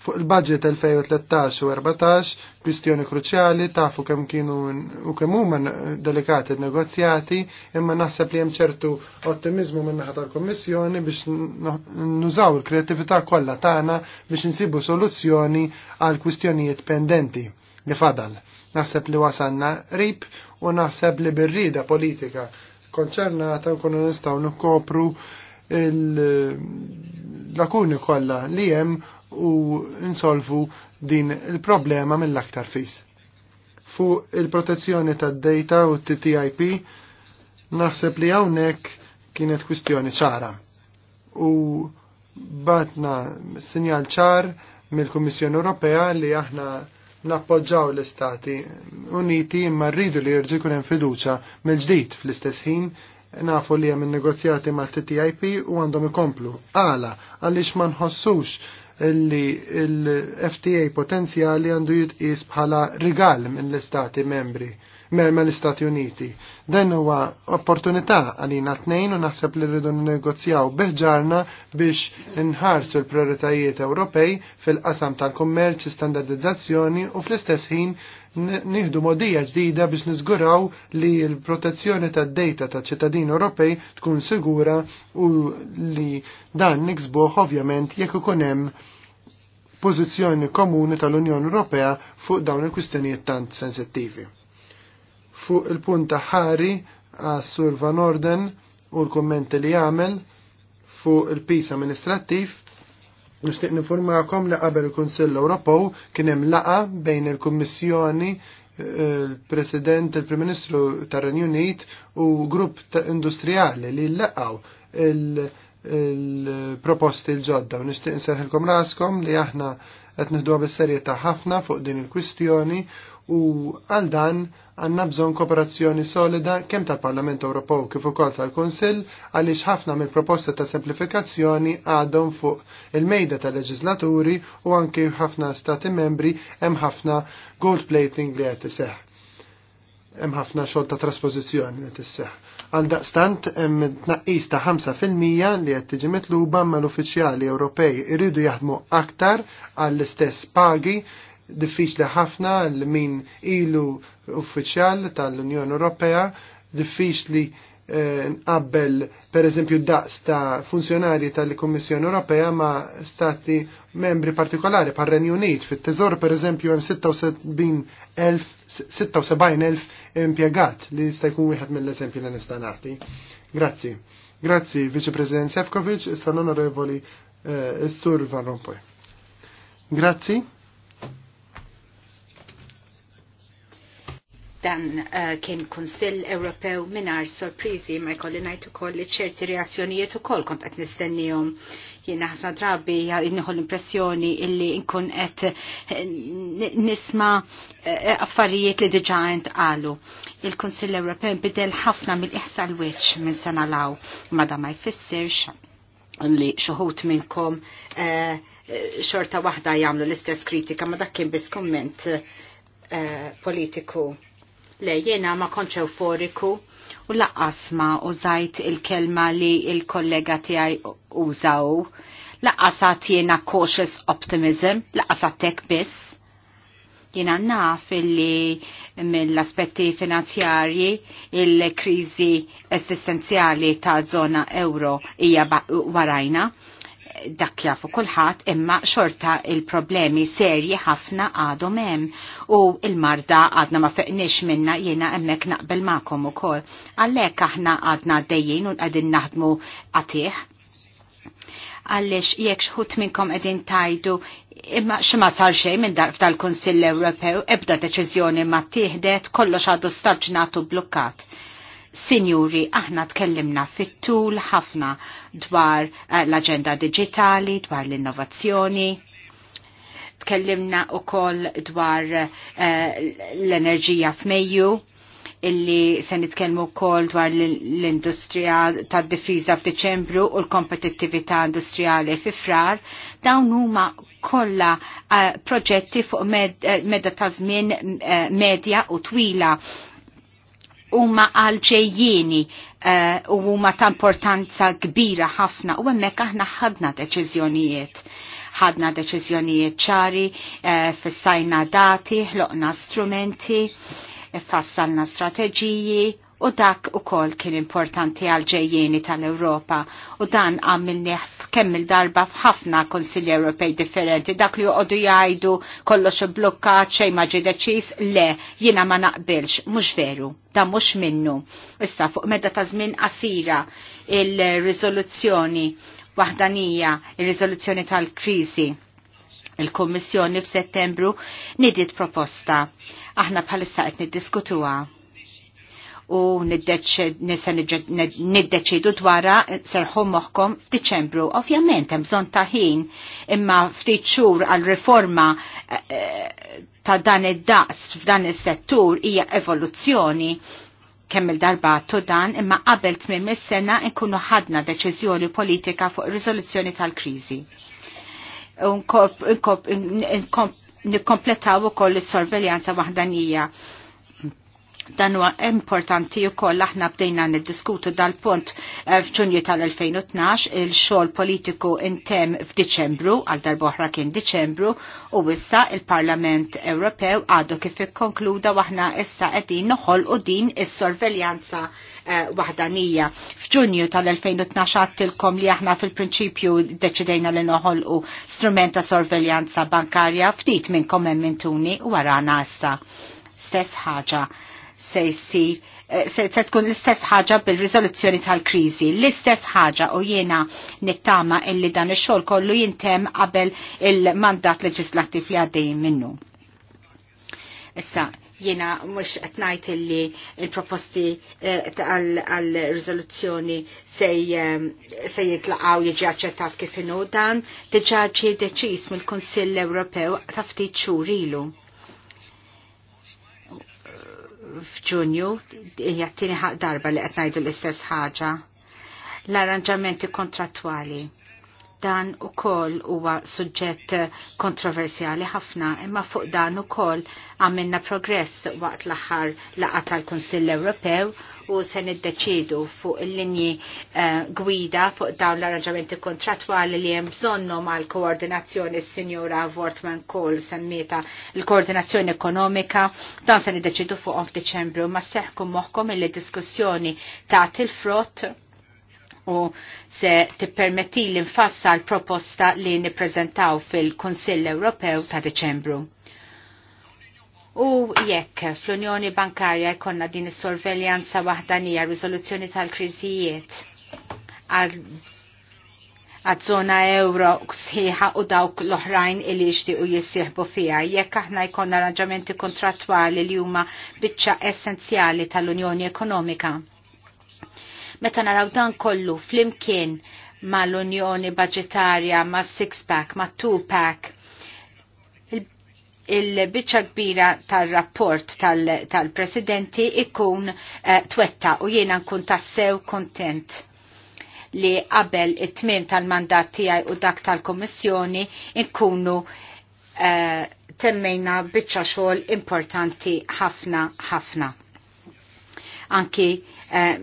Fuq il-budget 2013 u 14, kwistjoni kruċjali, tafu kemm kienu u kemm huma delikati negozjati, imma naħseb li hemm ċertu ottimizmu minn naħa tal-Kummissjoni biex nużaw il-kreattività kollha tagħna biex insibu soluzzjoni għal kwistjonijiet pendenti li fadal. Naħseb li wasanna rib u naħseb li birrida politika konċernata nkunu nistgħu nkopru l-lakuni kollha li hemm u insolvu din il-problema mill-aktar fis. Fu il-protezzjoni tad data u t-TTIP naħseb li hawnhekk kienet kwistjoni ċara. U batna sinjal ċar mill-Kummissjoni Ewropea li aħna nappoġġaw l-Istati Uniti imma rridu li jirġi kunem fiduċa mill-ġdid fl-istess ħin nafu li hemm negozjati ma' TTIP u għandhom ikomplu. Għala, għaliex ma nħossux li l-FTA potenzjali għandu jitqis bħala rigal mill-Istati membri l istati Uniti. Dan huwa opportunità għalina tnejn u naħseb li rridu negozjaw beħġarna biex nħarsu l-prioritajiet Ewropej fil-qasam tal-kummerċ, standardizzazzjoni u fl-istess ħin nieħdu modija ġdida biex niżguraw li l-protezzjoni tad-dejta ta' ċittadini Ewropej tkun sigura u li dan niksbuh ovvjament jekk ikun hemm pożizzjoni komuni tal-Unjoni Ewropea fuq dawn il-kwistjonijiet tant sensittivi. Fuq il-punt ta' ħari għas Sur Van Orden u l-kommenti li għamel fuq il-pis amministrattiv Nixtieq nifurmakom li qabel il-Kunsill Ewropew kien hemm laqa bejn il-Kummissjoni il-President, il-Prim Ministru tar-Renju Unit u grupp industrijali li laqgħu il-proposti l-ġodda. U nixtieq nserħilkom raskom li aħna qed nieħduha bis-serjetà ħafna fuq din il-kwistjoni u għal dan għanna bżon kooperazzjoni solida kemm tal-Parlament Ewropew kif ukoll tal-Kunsill għaliex ħafna mill-proposta ta' semplifikazzjoni għadhom fuq il-mejda tal-leġislaturi u anke ħafna stati membri hemm ħafna gold plating li qed iseħħ. Hemm ħafna xogħol ta' traspożizzjoni li iseħħ. Għal daqstant hemm tnaqqis ta' 5% li qed tiġi mitluba mal-uffiċjali Ewropej iridu jaħdmu aktar għall-istess pagi diffiċli ħafna li min ilu uffiċjal tal-Unjoni Ewropea, diffiċli eh, nqabbel per eżempju daqs ta' funzjonari tal-Kommissjoni Ewropea ma' stati membri partikolari par Renju Unit. Fit-teżor per eżempju hemm 76,000 impjegat li jista' jkun wieħed mill-eżempju li nista' nagħti. Grazzi. Grazzi Viċi President Sefkovic, sal-Onorevoli eh, Sur Van Rompuy. Grazzi. Dan eh, kien Kunsill Ewropew minar sorprizi ma jkolli najtu koll li ċerti reazzjonijiet u koll kont qed nistennihom. Jiena ħafna drabi inħu l-impressjoni illi nkun qed eh, nisma eh, affarijiet li diġà għalu. Il-Kunsill Ewropew bidel ħafna mill-iħsa l-wiċċ minn sena law, ma ma jfissirx li xoħut minnkom uh, xorta wahda jamlu l-istess kritika ma dak kien biss komment uh, politiku Le jena ma konċ euforiku u laqqas ma zajt il-kelma li il-kollega tiegħi użaw. Laqqasat jena cautious optimism, laqqasatek biss. Jena naf illi mill-aspetti finanzjarji il-krizi esistenzjali ta' zona euro hija warajna dak jafu kulħadd imma xorta il-problemi serji ħafna għadhom hemm u il-marda għadna ma feqniex minna jiena hemmhekk naqbel magħkom ukoll. Għalhekk aħna għadna għaddejjin u qegħdin naħdmu għatih. Għaliex jekk xħut minnkom qegħdin tajdu imma xima sar xej minn darf tal kunsill Ewropew ebda deċiżjoni ma tieħdet kollox għadu staġnatu blukkat. blukkat Sinjuri, aħna tkellimna fit-tul ħafna dwar eh, l-agenda digitali, dwar l-innovazzjoni, tkellimna u koll dwar eh, l-enerġija f'Mejju, illi se nitkellmu wkoll dwar l-industrija tad difiża f'Diċembru u l-kompetittività industrijali fi frar, dawn huma kollha eh, proġetti fuq medda ta' żmien medja u twila huma għal ġejjieni eh, u huma ta' importanza kbira ħafna u hemmhekk aħna ħadna deċiżjonijiet ħadna deċiżjonijiet ċari, uh, fissajna dati, ħloqna strumenti, eh, fassalna strateġiji u dak u kol kien importanti għal ġejjeni tal-Europa u dan għamilni kemm il-darba f'ħafna konsilli Ewropej differenti dak li joqogħdu jgħidu kollox blokkat xejn ma ġideċis le jiena ma naqbilx mhux veru da mhux minnu. Issa fuq medda ta' żmien qasira il-riżoluzzjoni waħdanija il-riżoluzzjoni tal-kriżi il-Kommissjoni f'Settembru nidiet proposta. Aħna bħalissa qed niddiskutuha u niddeċidu dwarha serħu moħħkom f'Diċembru. Ovvjament hemm bżonn ta' ħin imma ftit xhur għal riforma eh, eh, ta' dan id-daqs f'dan is-settur hija evoluzzjoni kemm il-darba għattu dan imma qabel tmiem is-sena nkunu ħadna deċiżjoni politika fuq riżoluzzjoni tal-kriżi. Nikkompletaw ukoll is-sorveljanza waħdanija dan huwa importanti wkoll aħna bdejna niddiskutu dal-punt eh, f'Ġunju tal-2012 il-xogħol politiku intemm f'Diċembru għal darboħra kien Diċembru u issa il-Parlament Ewropew għadu kif ikkonkluda waħna issa qegħdin noħolqu din is-sorveljanza eh, waħdanija. F'Ġunju tal-2012 għattilkom li aħna fil-prinċipju deċidejna li noħolqu strument ta' sorveljanza bankarja ftit minn u warana issa. Stess ħaġa se jsir eh, se tkun l-istess ħaġa bil rizoluzzjoni tal-kriżi, l-istess ħaġa u jiena nittama illi dan ix-xogħol kollu jintem qabel il-mandat leġislattiv li għaddej minnu. Issa, jiena mhux qed ngħid illi il-proposti eh, għal-riżoluzzjoni eh, se jitlaqgħu jiġi aċċettat kif inhu dan diġà ġie deċiż mill-Kunsill Ewropew ta' ftit xhur ilu f'Ġunju, hija t-tieni darba li qed ngħidu l-istess ħaġa. L-arranġamenti kontrattwali Dan u kol huwa suġġett kontroversjali ħafna, imma fuq dan u kol għamilna progress waqt l-aħħar laqa tal-Kunsill Ewropew u se niddeċidu fuq il-linji eh, gwida fuq dawn l-arranġamenti kontratwali li hemm bżonnu mal koordinazzjoni s-Sinjura Wortman Kohl semmita l-koordinazzjoni ekonomika dan se niddeċidu fuqhom f'Diċembru ma seħkum moħħkom il-diskussjoni ta' til frott u se tippermetti li nfassa l-proposta li niprezentaw fil-Konsill Ewropew ta' Deċembru. U jekk fl-Unjoni Bankarja jkonna din is-sorveljanza waħdanija riżoluzzjoni tal-kriżijiet għad-zona euro sħiħa u dawk l-oħrajn li jixtiequ jissieħbu fiha. Jekk aħna jkollna arranġamenti kontrattwali li huma biċċa essenzjali tal-Unjoni Ekonomika Meta naraw dan kollu flimkien ma l-Unjoni Budgetarja, ma Six-Pack, ma Two-Pack, il-bicċa kbira tal-rapport tal-presidenti tal ikun uh, twetta u jiena nkun tassew kontent li qabel it-tmim tal-mandat tiegħi u dak tal komissjoni nkunu uh, temmejna bicċa xogħol importanti ħafna ħafna anki eh,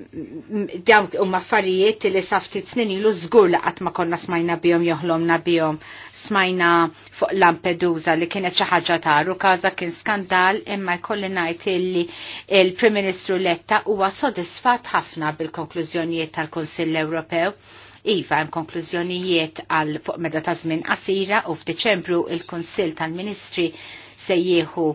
dawk u maffarijiet li t snin ilu zgur li ma konna smajna bihom joħlomna bijom smajna fuq Lampedusa li kienet xi ħaġa taru kaza kien skandal imma jkolli ngħid li il-Prim Ministru Letta huwa sodisfat ħafna bil-konklużjonijiet tal-Kunsill Ewropew. Iva hemm konklużjonijiet għal fuq meda ta' żmien qasira u f'Diċembru il-Kunsill tal-Ministri se jieħu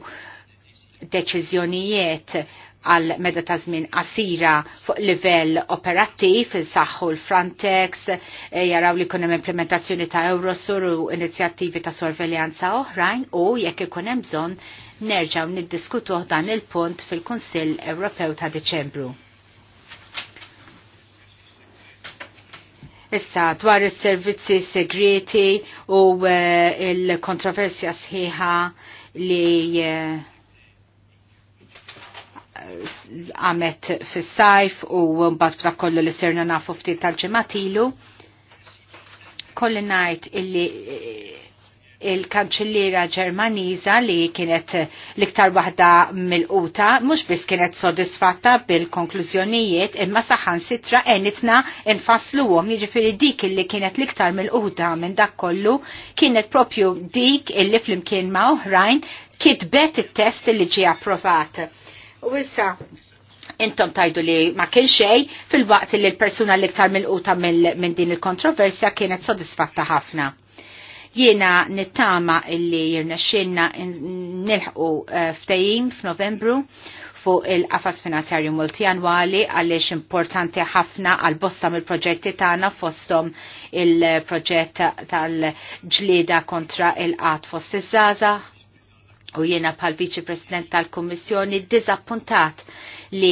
deċiżjonijiet għal meda ta' żmien qasira fuq livell operattiv saħħu l-Frontex, eh, jaraw li kunem implementazzjoni ta' Eurosur u inizjattivi ta' sorveljanza oħrajn u jekk ikun hemm bżonn nerġgħu niddiskutuh dan il-punt fil-Kunsill Ewropew ta' Deċembru. Issa dwar is-servizzi segreti u uh, il-kontroversja sħiħa li uh, għamet fis-sajf u mbagħad b'dak kollu li serna nafu ftit tal-ġematilu. Kolli ngħid illi eh, il kanċillira Ġermaniża li kienet l-iktar waħda mill-quta mhux biss kienet sodisfatta bil-konklużjonijiet imma saħan sitra enitna infasluhom jiġifieri dik illi kienet l-iktar mill-quta minn dak kollu kienet propju dik illi flimkien ma' oħrajn kitbet it-test li ġie approvat U issa, intom tajdu li ma kien xej fil-waqt li l-persuna l-iktar mill-quta minn din il-kontroversja kienet sodisfatta ħafna. Jiena nittama illi jirnexxinna nilħqu eh, ftejim f'Novembru fuq il-qafas finanzjarju multijanwali għaliex importanti ħafna għal bossa mill proġetti tagħna fostom il-proġett tal-ġlieda kontra il-qat fost iż-żaza, U jiena bħal viċi president tal-Kommissjoni dizappuntat li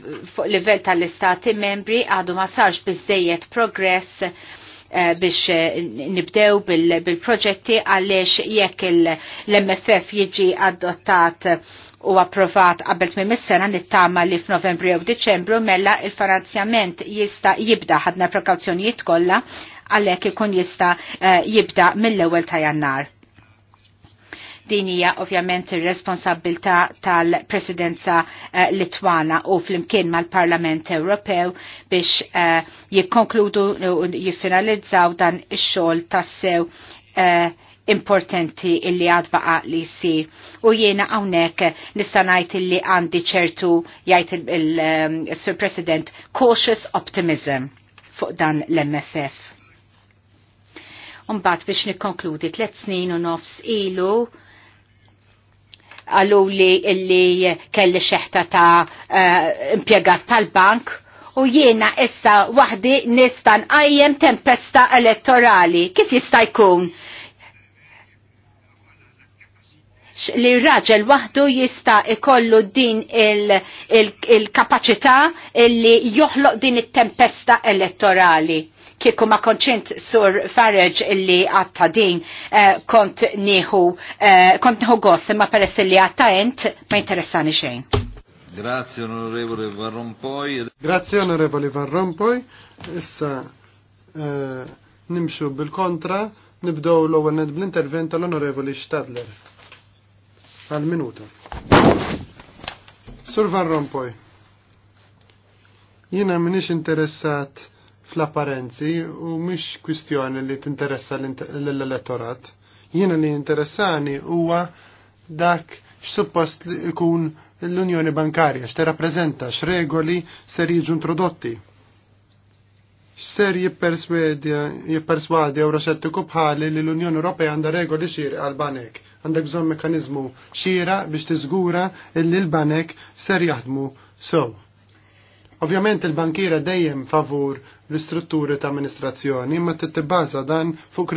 fuq livell tal-istati membri għadu ma sarx bizzejiet progress eh, biex eh, nibdew bil-proġetti għaliex jekk l-MFF jiġi adottat u approvat qabel minn is-sena nittama li f'Novembru jew Diċembru mela il-finanzjament jista' jibda ħadna prekawzjonijiet kollha għalhekk ikun jista' eh, jibda mill-ewwel ta' Jannar Din hija ovvjament ir-responsabilità tal-Presidenza uh, Litwana u flimkien mal-Parlament Ewropew biex uh, jikkonkludu u jiffinalizzaw dan ix-xogħol tassew uh, importanti illi għad baqa li si. U jiena għawnek nistanajt illi għandi ċertu jajt il-Sir President cautious optimism fuq dan l-MFF. Umbat biex nikkonkludi tlet snin u nofs ilu għallu li illi kelli xeħta ta' eh, impiegat tal-bank u jiena issa wahdi nistan għajjem tempesta elettorali. Kif jista' jkun? li raġel wahdu jista ikollu din il kapacita il, il, il li joħloq din it-tempesta elettorali kieku ma konċint sur Farage illi għatta din eh, kont nieħu eh, kont nieħu goss imma peress illi għatta ent ma interessani xejn. Grazie onorevole Van Rompuy. Grazie onorevole Van Rompuy. Issa eh, nimxu bil-kontra nibdow l-ewwel bl-intervent tal-onorevoli Stadler. Għal minuta. Sur Van Rompuy. Jiena minix interessat fl-apparenzi u mhix kwistjoni li tinteressa l-elettorat. Jiena li interessani huwa dak x'suppost ikun l-Unjoni Bankarja, x'terrappreżenta, x'regoli ser jiġu introdotti. X'ser jipperswadja raċetti kubħali li l-Unjoni Ewropea għandha regoli xir għal banek. Għandek bżonn mekkaniżmu xira biex tiżgura li l-banek ser jaħdmu sew. So Ovvjament il bankira dejjem favur l-istrutturi ta' amministrazzjoni imma tibbaza dan fuq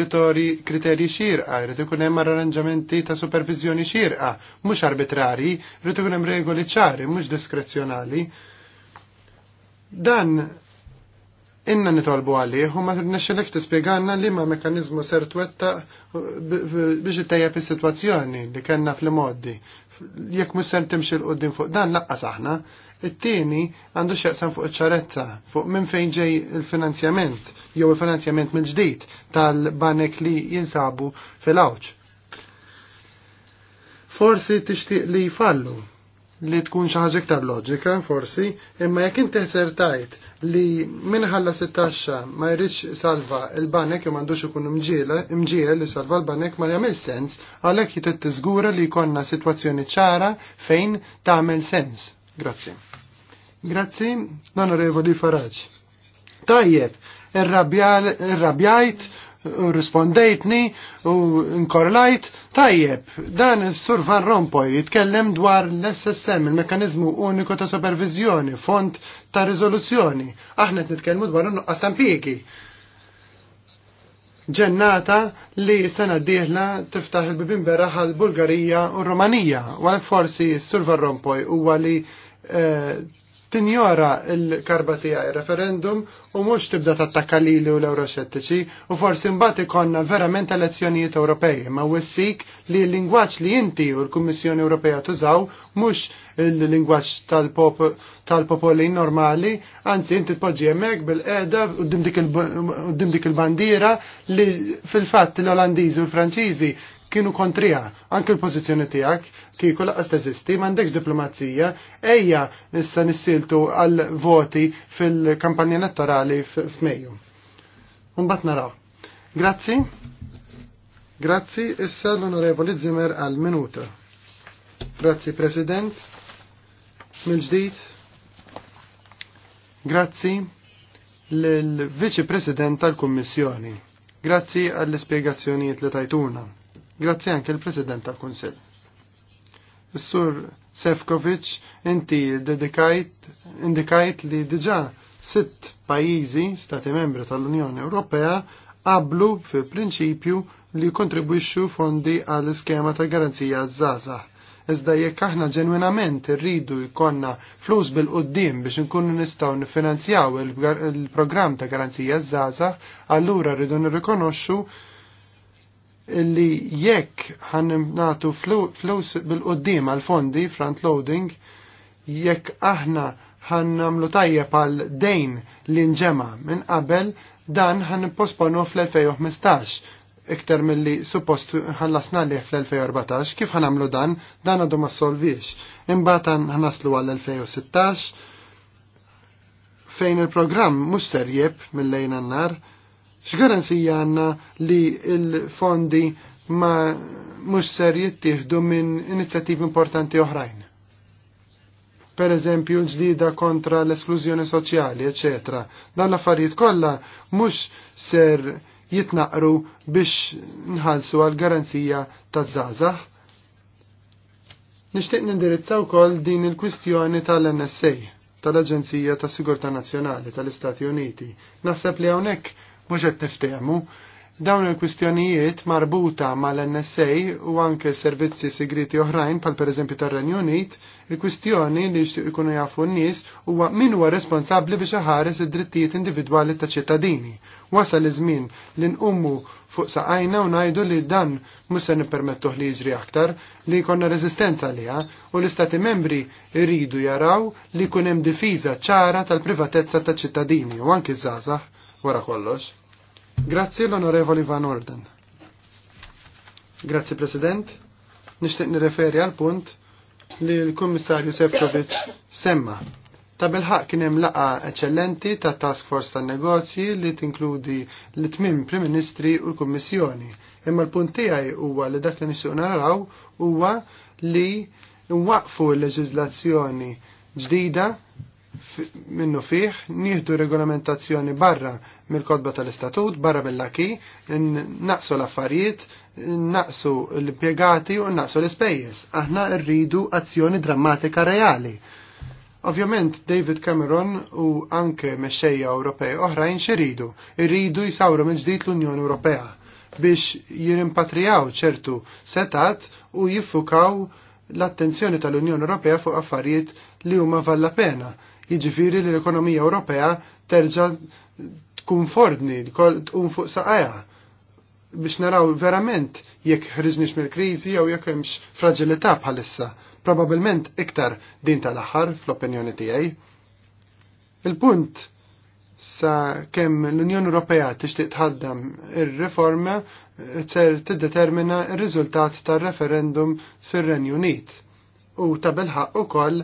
kriterji xirqa, jrid ikun hemm arranġamenti ta' supervizjoni xirqa, mhux arbitrari, rrit ikun hemm regoli ċari, mhux diskrezzjonali. Dan inna nitolbu għalih u ma nixxilekx tispjegana li ma mekanizmu ser twetta uh, biex ittejjeb is-sitwazzjoni li kellna fl-modi. Jekk mhux ser timxi l-qudiem fuq dan laqqas aħna It-tieni għandu x'jaqsam fuq iċ ċaretta fuq minn fejn ġej il-finanzjament jew il-finanzjament mill-ġdid tal-banek li jinsabu fil awċ Forsi tixtieq li jfallu li tkun xi ħaġa iktar loġika, forsi, imma jekk inti ħsertajt li minħalla 16 ma jridx salva il-banek jew m'għandux ikun imġiel li salva l-banek ma jagħmel sens, għalhekk jitit tiżgura li jkollna sitwazzjoni ċara fejn tagħmel sens Grazzi. Grazzi, l-Onorevoli Farage. Tajjeb, irrabjajt, u rispondejtni u nkorlajt, tajjeb, dan sur Van Rompuy jitkellem dwar l-SSM, il-mekanizmu uniku ta' supervizjoni, font ta' rizoluzzjoni. Aħna nitkellmu dwar n nuqqa stampiki ġennata li sena diħla tiftaħ il-bibin berraħ Bulgarija u Romanija, għal forsi s Van rompoj u għali eh, tinjora l-karba tijaj referendum u mhux tibda tattakka lili u l-Euroxettiċi u forsi mbagħad ikonna verament elezzjonijiet Ewropej ma wissik li l-lingwaġġ li inti u l-Kummissjoni Ewropea tużaw mhux il-lingwaġġ tal-popoli normali, anzi inti tpoġġi hemmhekk bil-qeda u dik il-bandiera li fil-fatt l-Olandiżi u l-Franċiżi kienu kontrija, anke l-pozizjoni tijak, kiku laqqas teżisti, mandekx diplomazija, eja issa nissiltu għal voti fil-kampanja elettorali f'Mejju. Unbat naraw. Grazzi. Grazzi, issa l-onorevoli Zimmer għal minuta. Grazzi, President. Mil-ġdijt. Grazzi l-Viċi President tal-Kommissjoni. Grazzi għall-spiegazzjonijiet li tajtuna. Grazzi anke l-President tal-Kunsill. Is-Sur Sefkovic, inti indikajt li diġa' sitt pajjiżi, stati membri tal-Unjoni Ewropea, qablu fi prinċipju li kontribwixxu fondi għall iskema ta' garanzija Zaza. Iżda jekk aħna ġenwinament irridu jkollna flus bil-qoddim biex inkunu nistgħu nifinanzjaw il-programm ta' garanzija Zaza, allura rridu nirrikonoxxu li jekk ħan natu flus bil-qoddim għal-fondi front-loading, jekk aħna ħan namlu tajjeb għal dejn li nġema minn qabel, dan ħan posponu fl-2015 iktar mill-li suppost ħallasna li fl-2014, kif ħanamlu dan, dan għadu ma solviex. Imbatan ħanaslu għall-2016, fejn il-programm mux serjeb mill-lejn għannar, nar X'garanzija għandna li l-fondi ma mhux ser jittieħdu minn inizjattivi importanti oħrajn? Per eżempju, ġdida kontra l-esklużjoni soċjali, ecc. Dan l-affarijiet kollha mhux ser jitnaqru biex nħalsu għal garanzija taż-żgħażagħ. Nixtieq nindirizzaw ukoll din il-kwistjoni tal-NSA tal-Aġenzija tas-Sigurtà Nazzjonali tal-Istati Uniti. Naħseb li hawnhekk mhux qed niftehmu. Dawn il-kwistjonijiet marbuta mal-NSA u anke servizzi segreti oħrajn pal pereżempju tar-Renju Unit, il-kwistjoni li jkunu jafu n-nies huwa min huwa responsabbli biex iħares id-drittijiet individwali ta' ċittadini. Wasal iż-żmien li nqummu fuq saqajna u ngħidu li dan mhux se nippermettuh li jiġri aktar, li jkollna reżistenza liha u l-Istati membri jridu jaraw li jkun hemm difiża ċara tal-privatezza ta' ċittadini u anke żgħażagħ wara kollox. Grazzi l-Onorevoli Van Orden. Grazzi President. Nixtieq nirreferi għal punt li l-Kummissarju Sefcovic semma. Ta' bilħaq kien hemm laqa eċċellenti ta' Task Force tan negozji li tinkludi l-tmim Prim Ministri u l-Kummissjoni. Imma l-punt tiegħi huwa li dak li nixtieq naraw huwa li nwaqfu l-leġiżlazzjoni ġdida minnu fiħ, nieħdu regolamentazzjoni barra mill-kodba tal-istatut, barra bil laki naqsu l-affarijiet, naqsu l-impiegati u naqsu l-ispejjeż. Aħna rridu azzjoni drammatika reali. Ovvjament David Cameron u anke mexxejja Ewropej oħrajn xiridu, irridu jisawru minn ġdid l-Unjoni Ewropea biex jirimpatrijaw ċertu setat u jiffukaw l-attenzjoni tal-Unjoni Ewropea fuq affarijiet li huma valla pena jiġifieri li l-ekonomija Ewropea terġa' tkun fordni, tkun fuq saqajja biex naraw verament jekk ħriżniex mill-kriżi jew jekk hemmx fragilità bħalissa. Probabilment iktar din tal-aħħar fl-opinjoni tiegħi. Il-punt sa kemm l-Unjoni Ewropea tixtieq tħaddam ir-riforma ser tiddetermina r-riżultat tar-referendum fir-Renju Unit u ta' bilħaq ukoll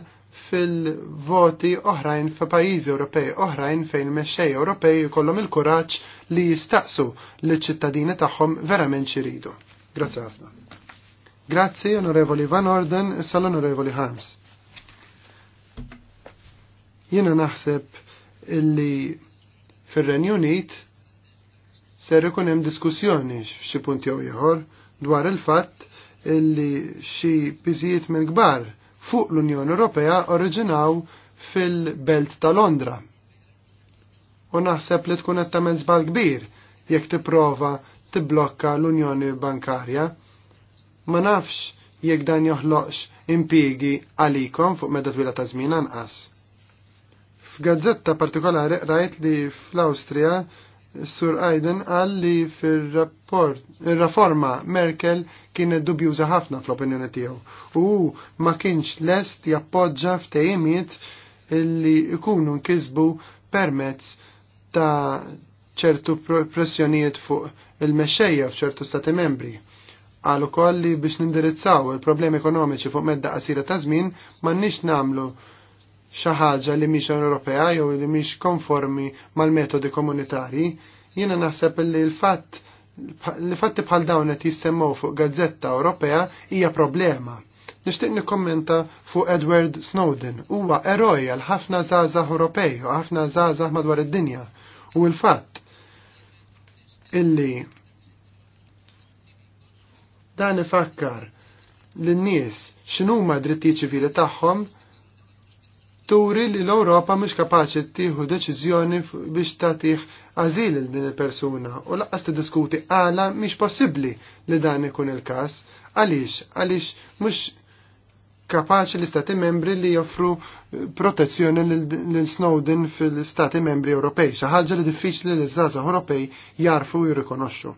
fil-voti oħrajn fa' pajjiżi Ewropej oħrajn fejn mexxej Ewropej ikollhom il-kuraġġ li jistaqsu liċ ċittadini tagħhom verament xiridu. Grazzi ħafna. Grazzi Onorevoli Van Orden issa l-Onorevoli Harms. Jiena naħseb illi fir-Renju Unit ser ikun hemm diskussjoni f'xi punti jew ieħor dwar il-fatt illi xi biżijiet mill kbar fuq l-Unjoni Ewropea oriġinaw fil-Belt ta' Londra. U naħseb li tkun qed tagħmel żball kbir jekk tipprova tibblokka l-Unjoni Bankarja. Ma nafx jekk dan joħloqx impigi għalikom fuq medda twila ta' żmien anqas. F'gazzetta partikolari rajt li fl-Awstrija Sur Aiden qal li fir-reforma Merkel kienet dubjuża ħafna fl-opinjoni tiegħu u ma kienx lest jappoġġa ftehimiet li jkunu nkisbu permezz ta' ċertu pressjonijiet fuq il-mexxejja f'ċertu stati membri. Għal ukoll li biex nindirizzaw il-problemi ekonomiċi fuq medda qasira ta' żmien m'għandniex nagħmlu xi ħaġa li mhix Ewropea jew li mhix konformi mal-metodi komunitarji, jiena naħseb li l-fatt li fatti bħal dawn qed jissemmew fuq Gazzetta Ewropea hija problema. Nixtieq nikkommenta fuq Edward Snowden. Huwa eroj għal ħafna żgħażagħ Ewropej u ħafna żgħażagħ madwar id-dinja. U l-fatt illi dan ifakkar lin-nies x'inhuma drittijiet ċivili tagħhom turi li l-Europa mhux kapaċi tieħu deċiżjoni biex tagħtih għażil il din il-persuna u laqas tiddiskuti għala mhix possibbli li dan ikun il-każ. Għaliex? Għaliex mhux kapaċi l-Istati membri li joffru eh, protezzjoni lil Snowden fil-Stati membri Ewropej, xi ħaġa li diffiċli li żgħażagħ Ewropej jarfu u jirrikonoxxu.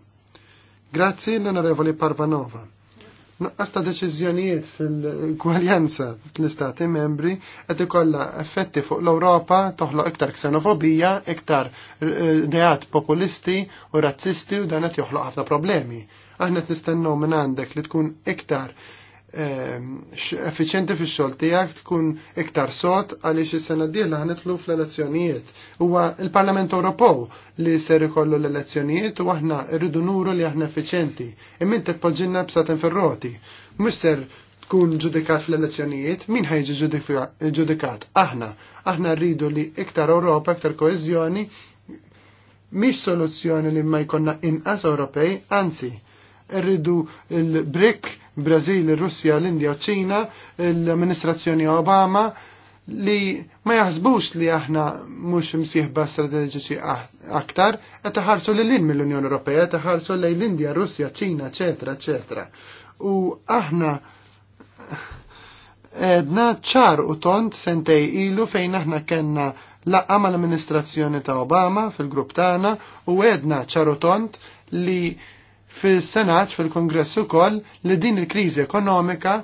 Grazzi l-Onorevoli Parvanova. Nuqqas ta' deċiżjonijiet fil-gwaljanza fl-istati membri qed ikollha effetti fuq l-Ewropa toħloq iktar ksenofobija, iktar eh, dejat populisti u razzisti u dan qed joħloq ħafna problemi. Aħna qed nistennew minn għandek li tkun iktar Ehm, efficienti fi xol tijak tkun iktar sot għaliex is-sena d-dieħla ħanitlu fl-elezzjonijiet. Huwa il-Parlament Ewropew li ser ikollu l-elezzjonijiet u aħna rridu nuru li aħna effiċenti. Immin podġinna b'saten fir-roti. ser tkun ġudikat fl-elezzjonijiet, min ħajġi ġudikat? Aħna. Aħna rridu li iktar Ewropa, iktar koeżjoni, mhix soluzzjoni li ma jkollna inqas Ewropej, anzi, rridu l-BRIC, Brazil, Russja, l-Indja ċina, l-amministrazzjoni Obama, li ma jaħsbux li aħna mhux msieħba strateġiċi aktar, qed taħarsu lil mill-Unjoni Ewropea, taħarsu lejn l-Indja, Russja, Ċina, eċetera, eċetera. U aħna edna ċar u tont sentej ilu fejn aħna kenna laqqa mal amministrazzjoni ta' Obama fil-grupp tagħna u edna ċar u tont li fil-Senat, fil-Kongress ukoll li din il-kriżi ekonomika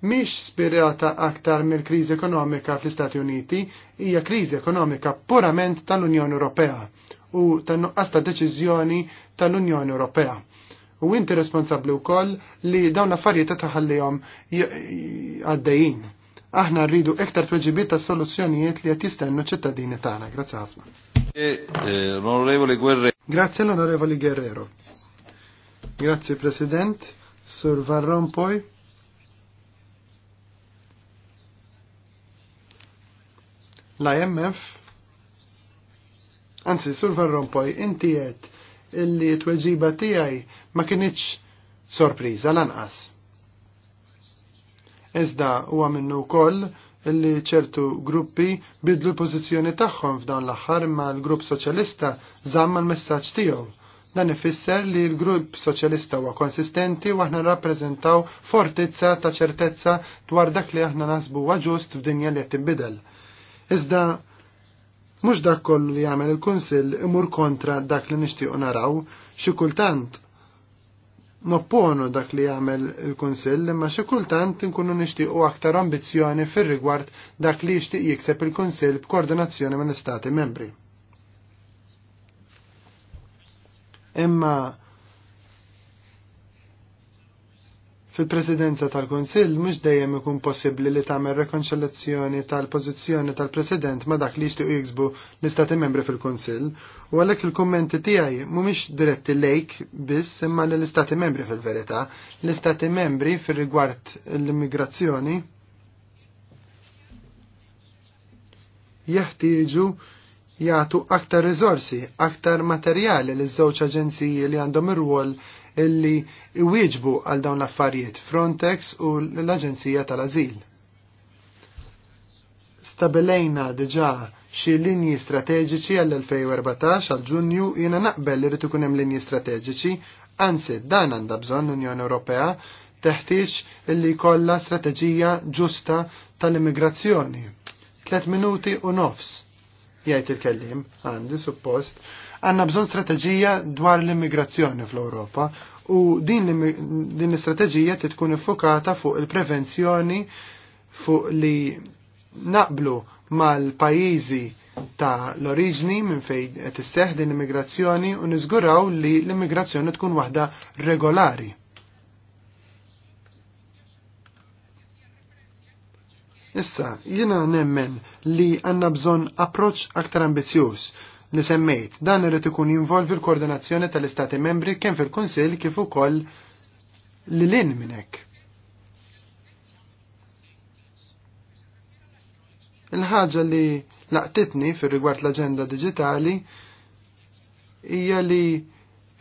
mhix spirata aktar mill-kriżi ekonomika fl-Istati Uniti, hija kriżi ekonomika purament tal-Unjoni Ewropea u tan-nuqqas ta' deċiżjoni tal-Unjoni Ewropea. U inti responsabbli wkoll li dawn l-affarijiet taħallihom għaddejjin. Aħna rridu iktar tweġibiet ta' soluzzjonijiet li qed jistennu ċittadini tagħna. Grazzi ħafna. Eh, eh, Grazzi l-Onorevoli Guerrero. Grazzi President, Sur Van Rompuy. L-IMF, anzi Sur Van Rompuy, inti qed illi t-weġiba tiegħi ma kinitx sorpriża lanqas. Iżda u minnu wkoll illi ċertu gruppi bidlu l-pożizzjoni tagħhom f'dan l-aħħar ma l-grupp soċjalista zamma l-messaġġ tiegħu Dan ifisser li l-grupp soċjalista huwa konsistenti u aħna rappreżentaw fortizza ta' ċertezza dwar dak li aħna nasbu huwa ġust f'dinja li qed tinbidel. Iżda mhux dak kollu li jagħmel il-Kunsill imur kontra dak li nixtiequ naraw, xi kultant nopponu dak li jagħmel il-Kunsill imma xi kultant inkunu nixtiequ aktar ambizzjoni fir-rigward dak li jixtieq jikseb il-Kunsill b'koordinazzjoni mill-Istati membri. Imma fil-presidenza tal-Konsil mhux dejjem ikun possibbli li tagħmel rekonċellazzjoni tal-pożizzjoni tal-President ma dak li jixtiequ jiksbu l-Istati membri fil-Konsil, u għalhekk il-kummenti tiegħi mhumiex diretti lejk biss imma l istati membri fil-verità, l-Istati membri fir-rigward l-immigrazzjoni jeħtieġu jagħtu aktar rizorsi, aktar materjali li żewġ aġenziji li għandhom ir-rwol illi iwieġbu għal dawn l-affarijiet Frontex u l-Aġenzija tal-Azil. Stabilejna diġà xi linji strateġiċi għall-2014 għal Ġunju jiena naqbel li rid ikun hemm linji strateġiċi, anzi dan għandha bżonn l-Unjoni Ewropea teħtieġ illi kollha strateġija ġusta tal-immigrazzjoni. Tlet minuti u nofs jgħid il-kellim għandi suppost, għandna bżonn strateġija dwar l-immigrazzjoni fl-Ewropa u din l-istrateġija tkun iffokata fuq il-prevenzjoni fuq li naqblu mal-pajjiżi ta' l-oriġni minn fejn qed isseħħ din l-immigrazzjoni u niżguraw li l-immigrazzjoni tkun waħda regolari. Issa, jina nemmen li għanna bżon approċ aktar ambizjuż li semmejt dan irid ikun jinvolvi l-koordinazzjoni tal-Istati membri kemm fil-Kunsill kif ukoll li lin minn hekk. Il-ħaġa li laqtitni fir rigward l-aġenda digitali hija li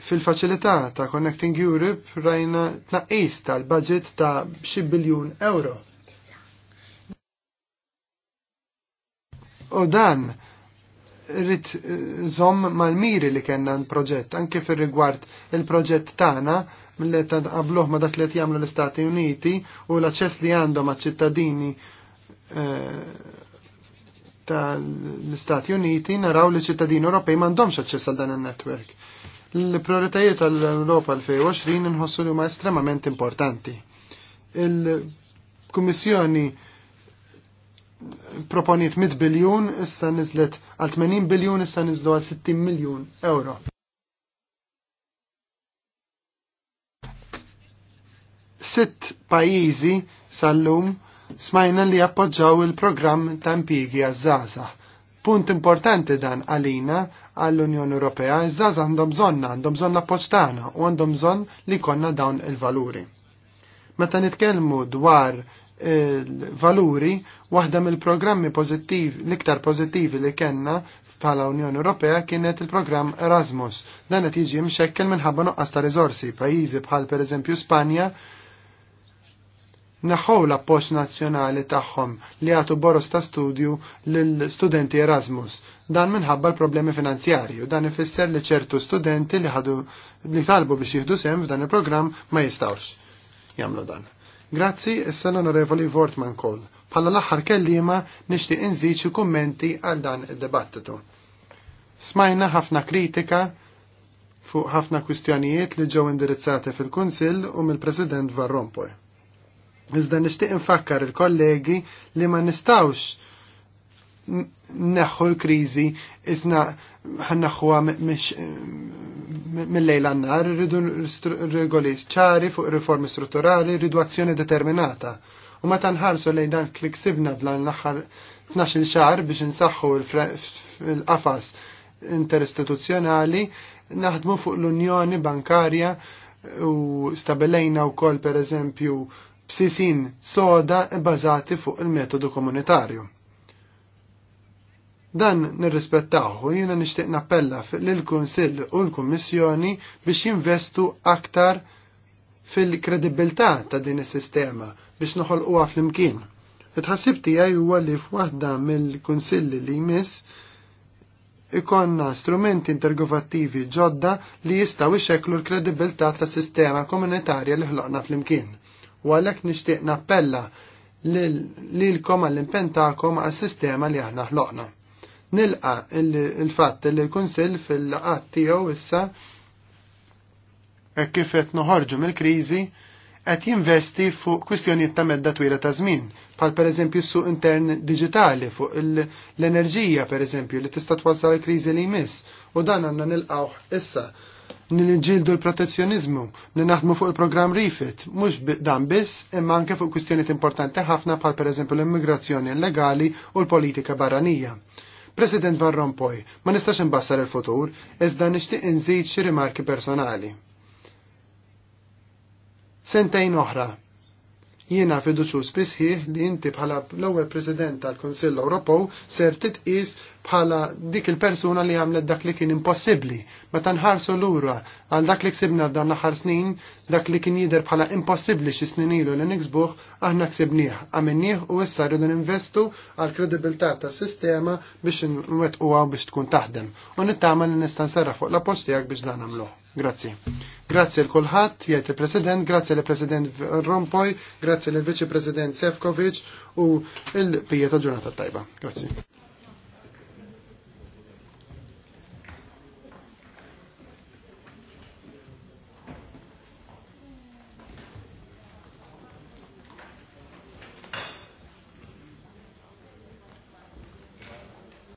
fil-faċilità ta' Connecting Europe rajna tnaqqis tal-budget ta' xi biljun euro U dan rrit eh, zom mal-miri li kena n-proġett, anke fil rigward il-proġett tana, mill-li ta' għabluħ ma dak li jamlu l-Istati Uniti u l-aċess li għandhom għad ċittadini eh, tal-Istati Uniti naraw li ċittadini Ewropej m'għandhomx aċċess għal dan il-network. L-prioritajiet tal-Europa l-fej 2020 nħossu li huma estremament importanti. Il-Kummissjoni proponiet 100 biljun, issa nizlet għal 80 biljun, issa nizlu għal 60 miljun euro. Sitt pajizi sal-lum smajna li appoġġaw il-programm ta' impigi għazzaza. Punt importanti dan għalina għall-Unjoni Ewropea, iż-żaza għandhom zonna, għandhom bżonn poċtana tagħna u għandhom bżonn li konna dawn il-valuri. Meta nitkellmu dwar valuri waħda mill-programmi pozittiv, l-iktar pozittivi li kenna bħala Unjoni Ewropea kienet il-programm Erasmus. Dan qed jiġi mxekkel minħabba noqqas ta' riżorsi. Pajjiżi bħal pereżempju Spanja naħħu l-appoċ nazzjonali tagħhom li għatu boros ta' studju l-studenti Erasmus. Dan minħabba l-problemi finanzjarji u dan ifisser li ċertu studenti li ħadu li talbu biex jieħdu sem f'dan il-programm ma jistawx jagħmlu dan. Grazzi, issa l-Onorevoli Vortman Koll. Palla l-aħħar kellima nixtieq inżiċi xi kummenti għal dan id-dibattitu. Smajna ħafna kritika fuq ħafna kwistjonijiet li ġew indirizzati fil-Kunsill u mill-President Van Rompuy. Iżda nixtieq infakkar il-kollegi li ma nistawx neħħu l-kriżi iżna ħannaħħuha mill-lejl għannar, rridu regoli ċari fuq riformi strutturali, rridu azzjoni determinata. U meta tanħarsu lejn dan klik sibna blan l axar 12 xahar biex insaħħu l-qafas interistituzzjonali, naħdmu fuq l-Unjoni Bankarja u stabilejna wkoll pereżempju bsisin soda bazati fuq il-metodu komunitarju Dan nirrispettaw u jiena nixtieq nappella lill-Kunsill u l-Kummissjoni biex jinvestu aktar fil-kredibilità ta' din is-sistema biex noħolquha flimkien. It-ħassib tiegħi huwa li f'waħda mill-kunsilli li jmiss ikonna strumenti intergovattivi ġodda li jistaw ixeklu l-kredibilità ta' sistema komunitarja li ħloqna flimkien. U għalhekk nixtieq nappella lilkom għall-impentakom għas-sistema li aħna ħloqna. Nilqa il-fatt li l-Kunsill fil-laqat tiegħu issa kif qed noħorġu mill-kriżi qed jinvesti fuq kwistjonijiet ta' medda twila ta' żmien, bħal pereżempju s-suq intern diġitali fuq l-enerġija pereżempju li tista' twassal il-kriżi li jmiss u dan għandna nilqgħu issa nilġildu l-protezzjonizmu, li naħdmu fuq il program Refit, mhux dan biss, imma anke fuq kwistjonijiet importanti ħafna bħal pereżempju l-immigrazzjoni illegali u l-politika barranija. President Van Rompuy, ma nistax imbassar il-futur, iżda nixtieq inżid xi rimarki personali. Sentejn oħra Jiena fiduċu bisħiħ li inti bħala l-ewwel President tal-Kunsill Ewropew ser titqis bħala dik il-persuna li għamlet dak li kien impossibbli. Meta nħarsu lura għal dak li ksibna f'dan l-aħħar snin, dak li kien jidher bħala impossibbli xi snin ilu li niksbuh, aħna ksibnieh, għamilnieh u issa rridu ninvestu għal kredibilità tas-sistema biex nwettquha biex tkun taħdem. U nittama li nista' nserra fuq la postijak biex dan nagħmluh. Grazzi. Grazie l kulħadd jgħid il-President, grazie al president Rompoy, grazie al viċi President Sefkovic u il pija ġurnata tajba. Grazie.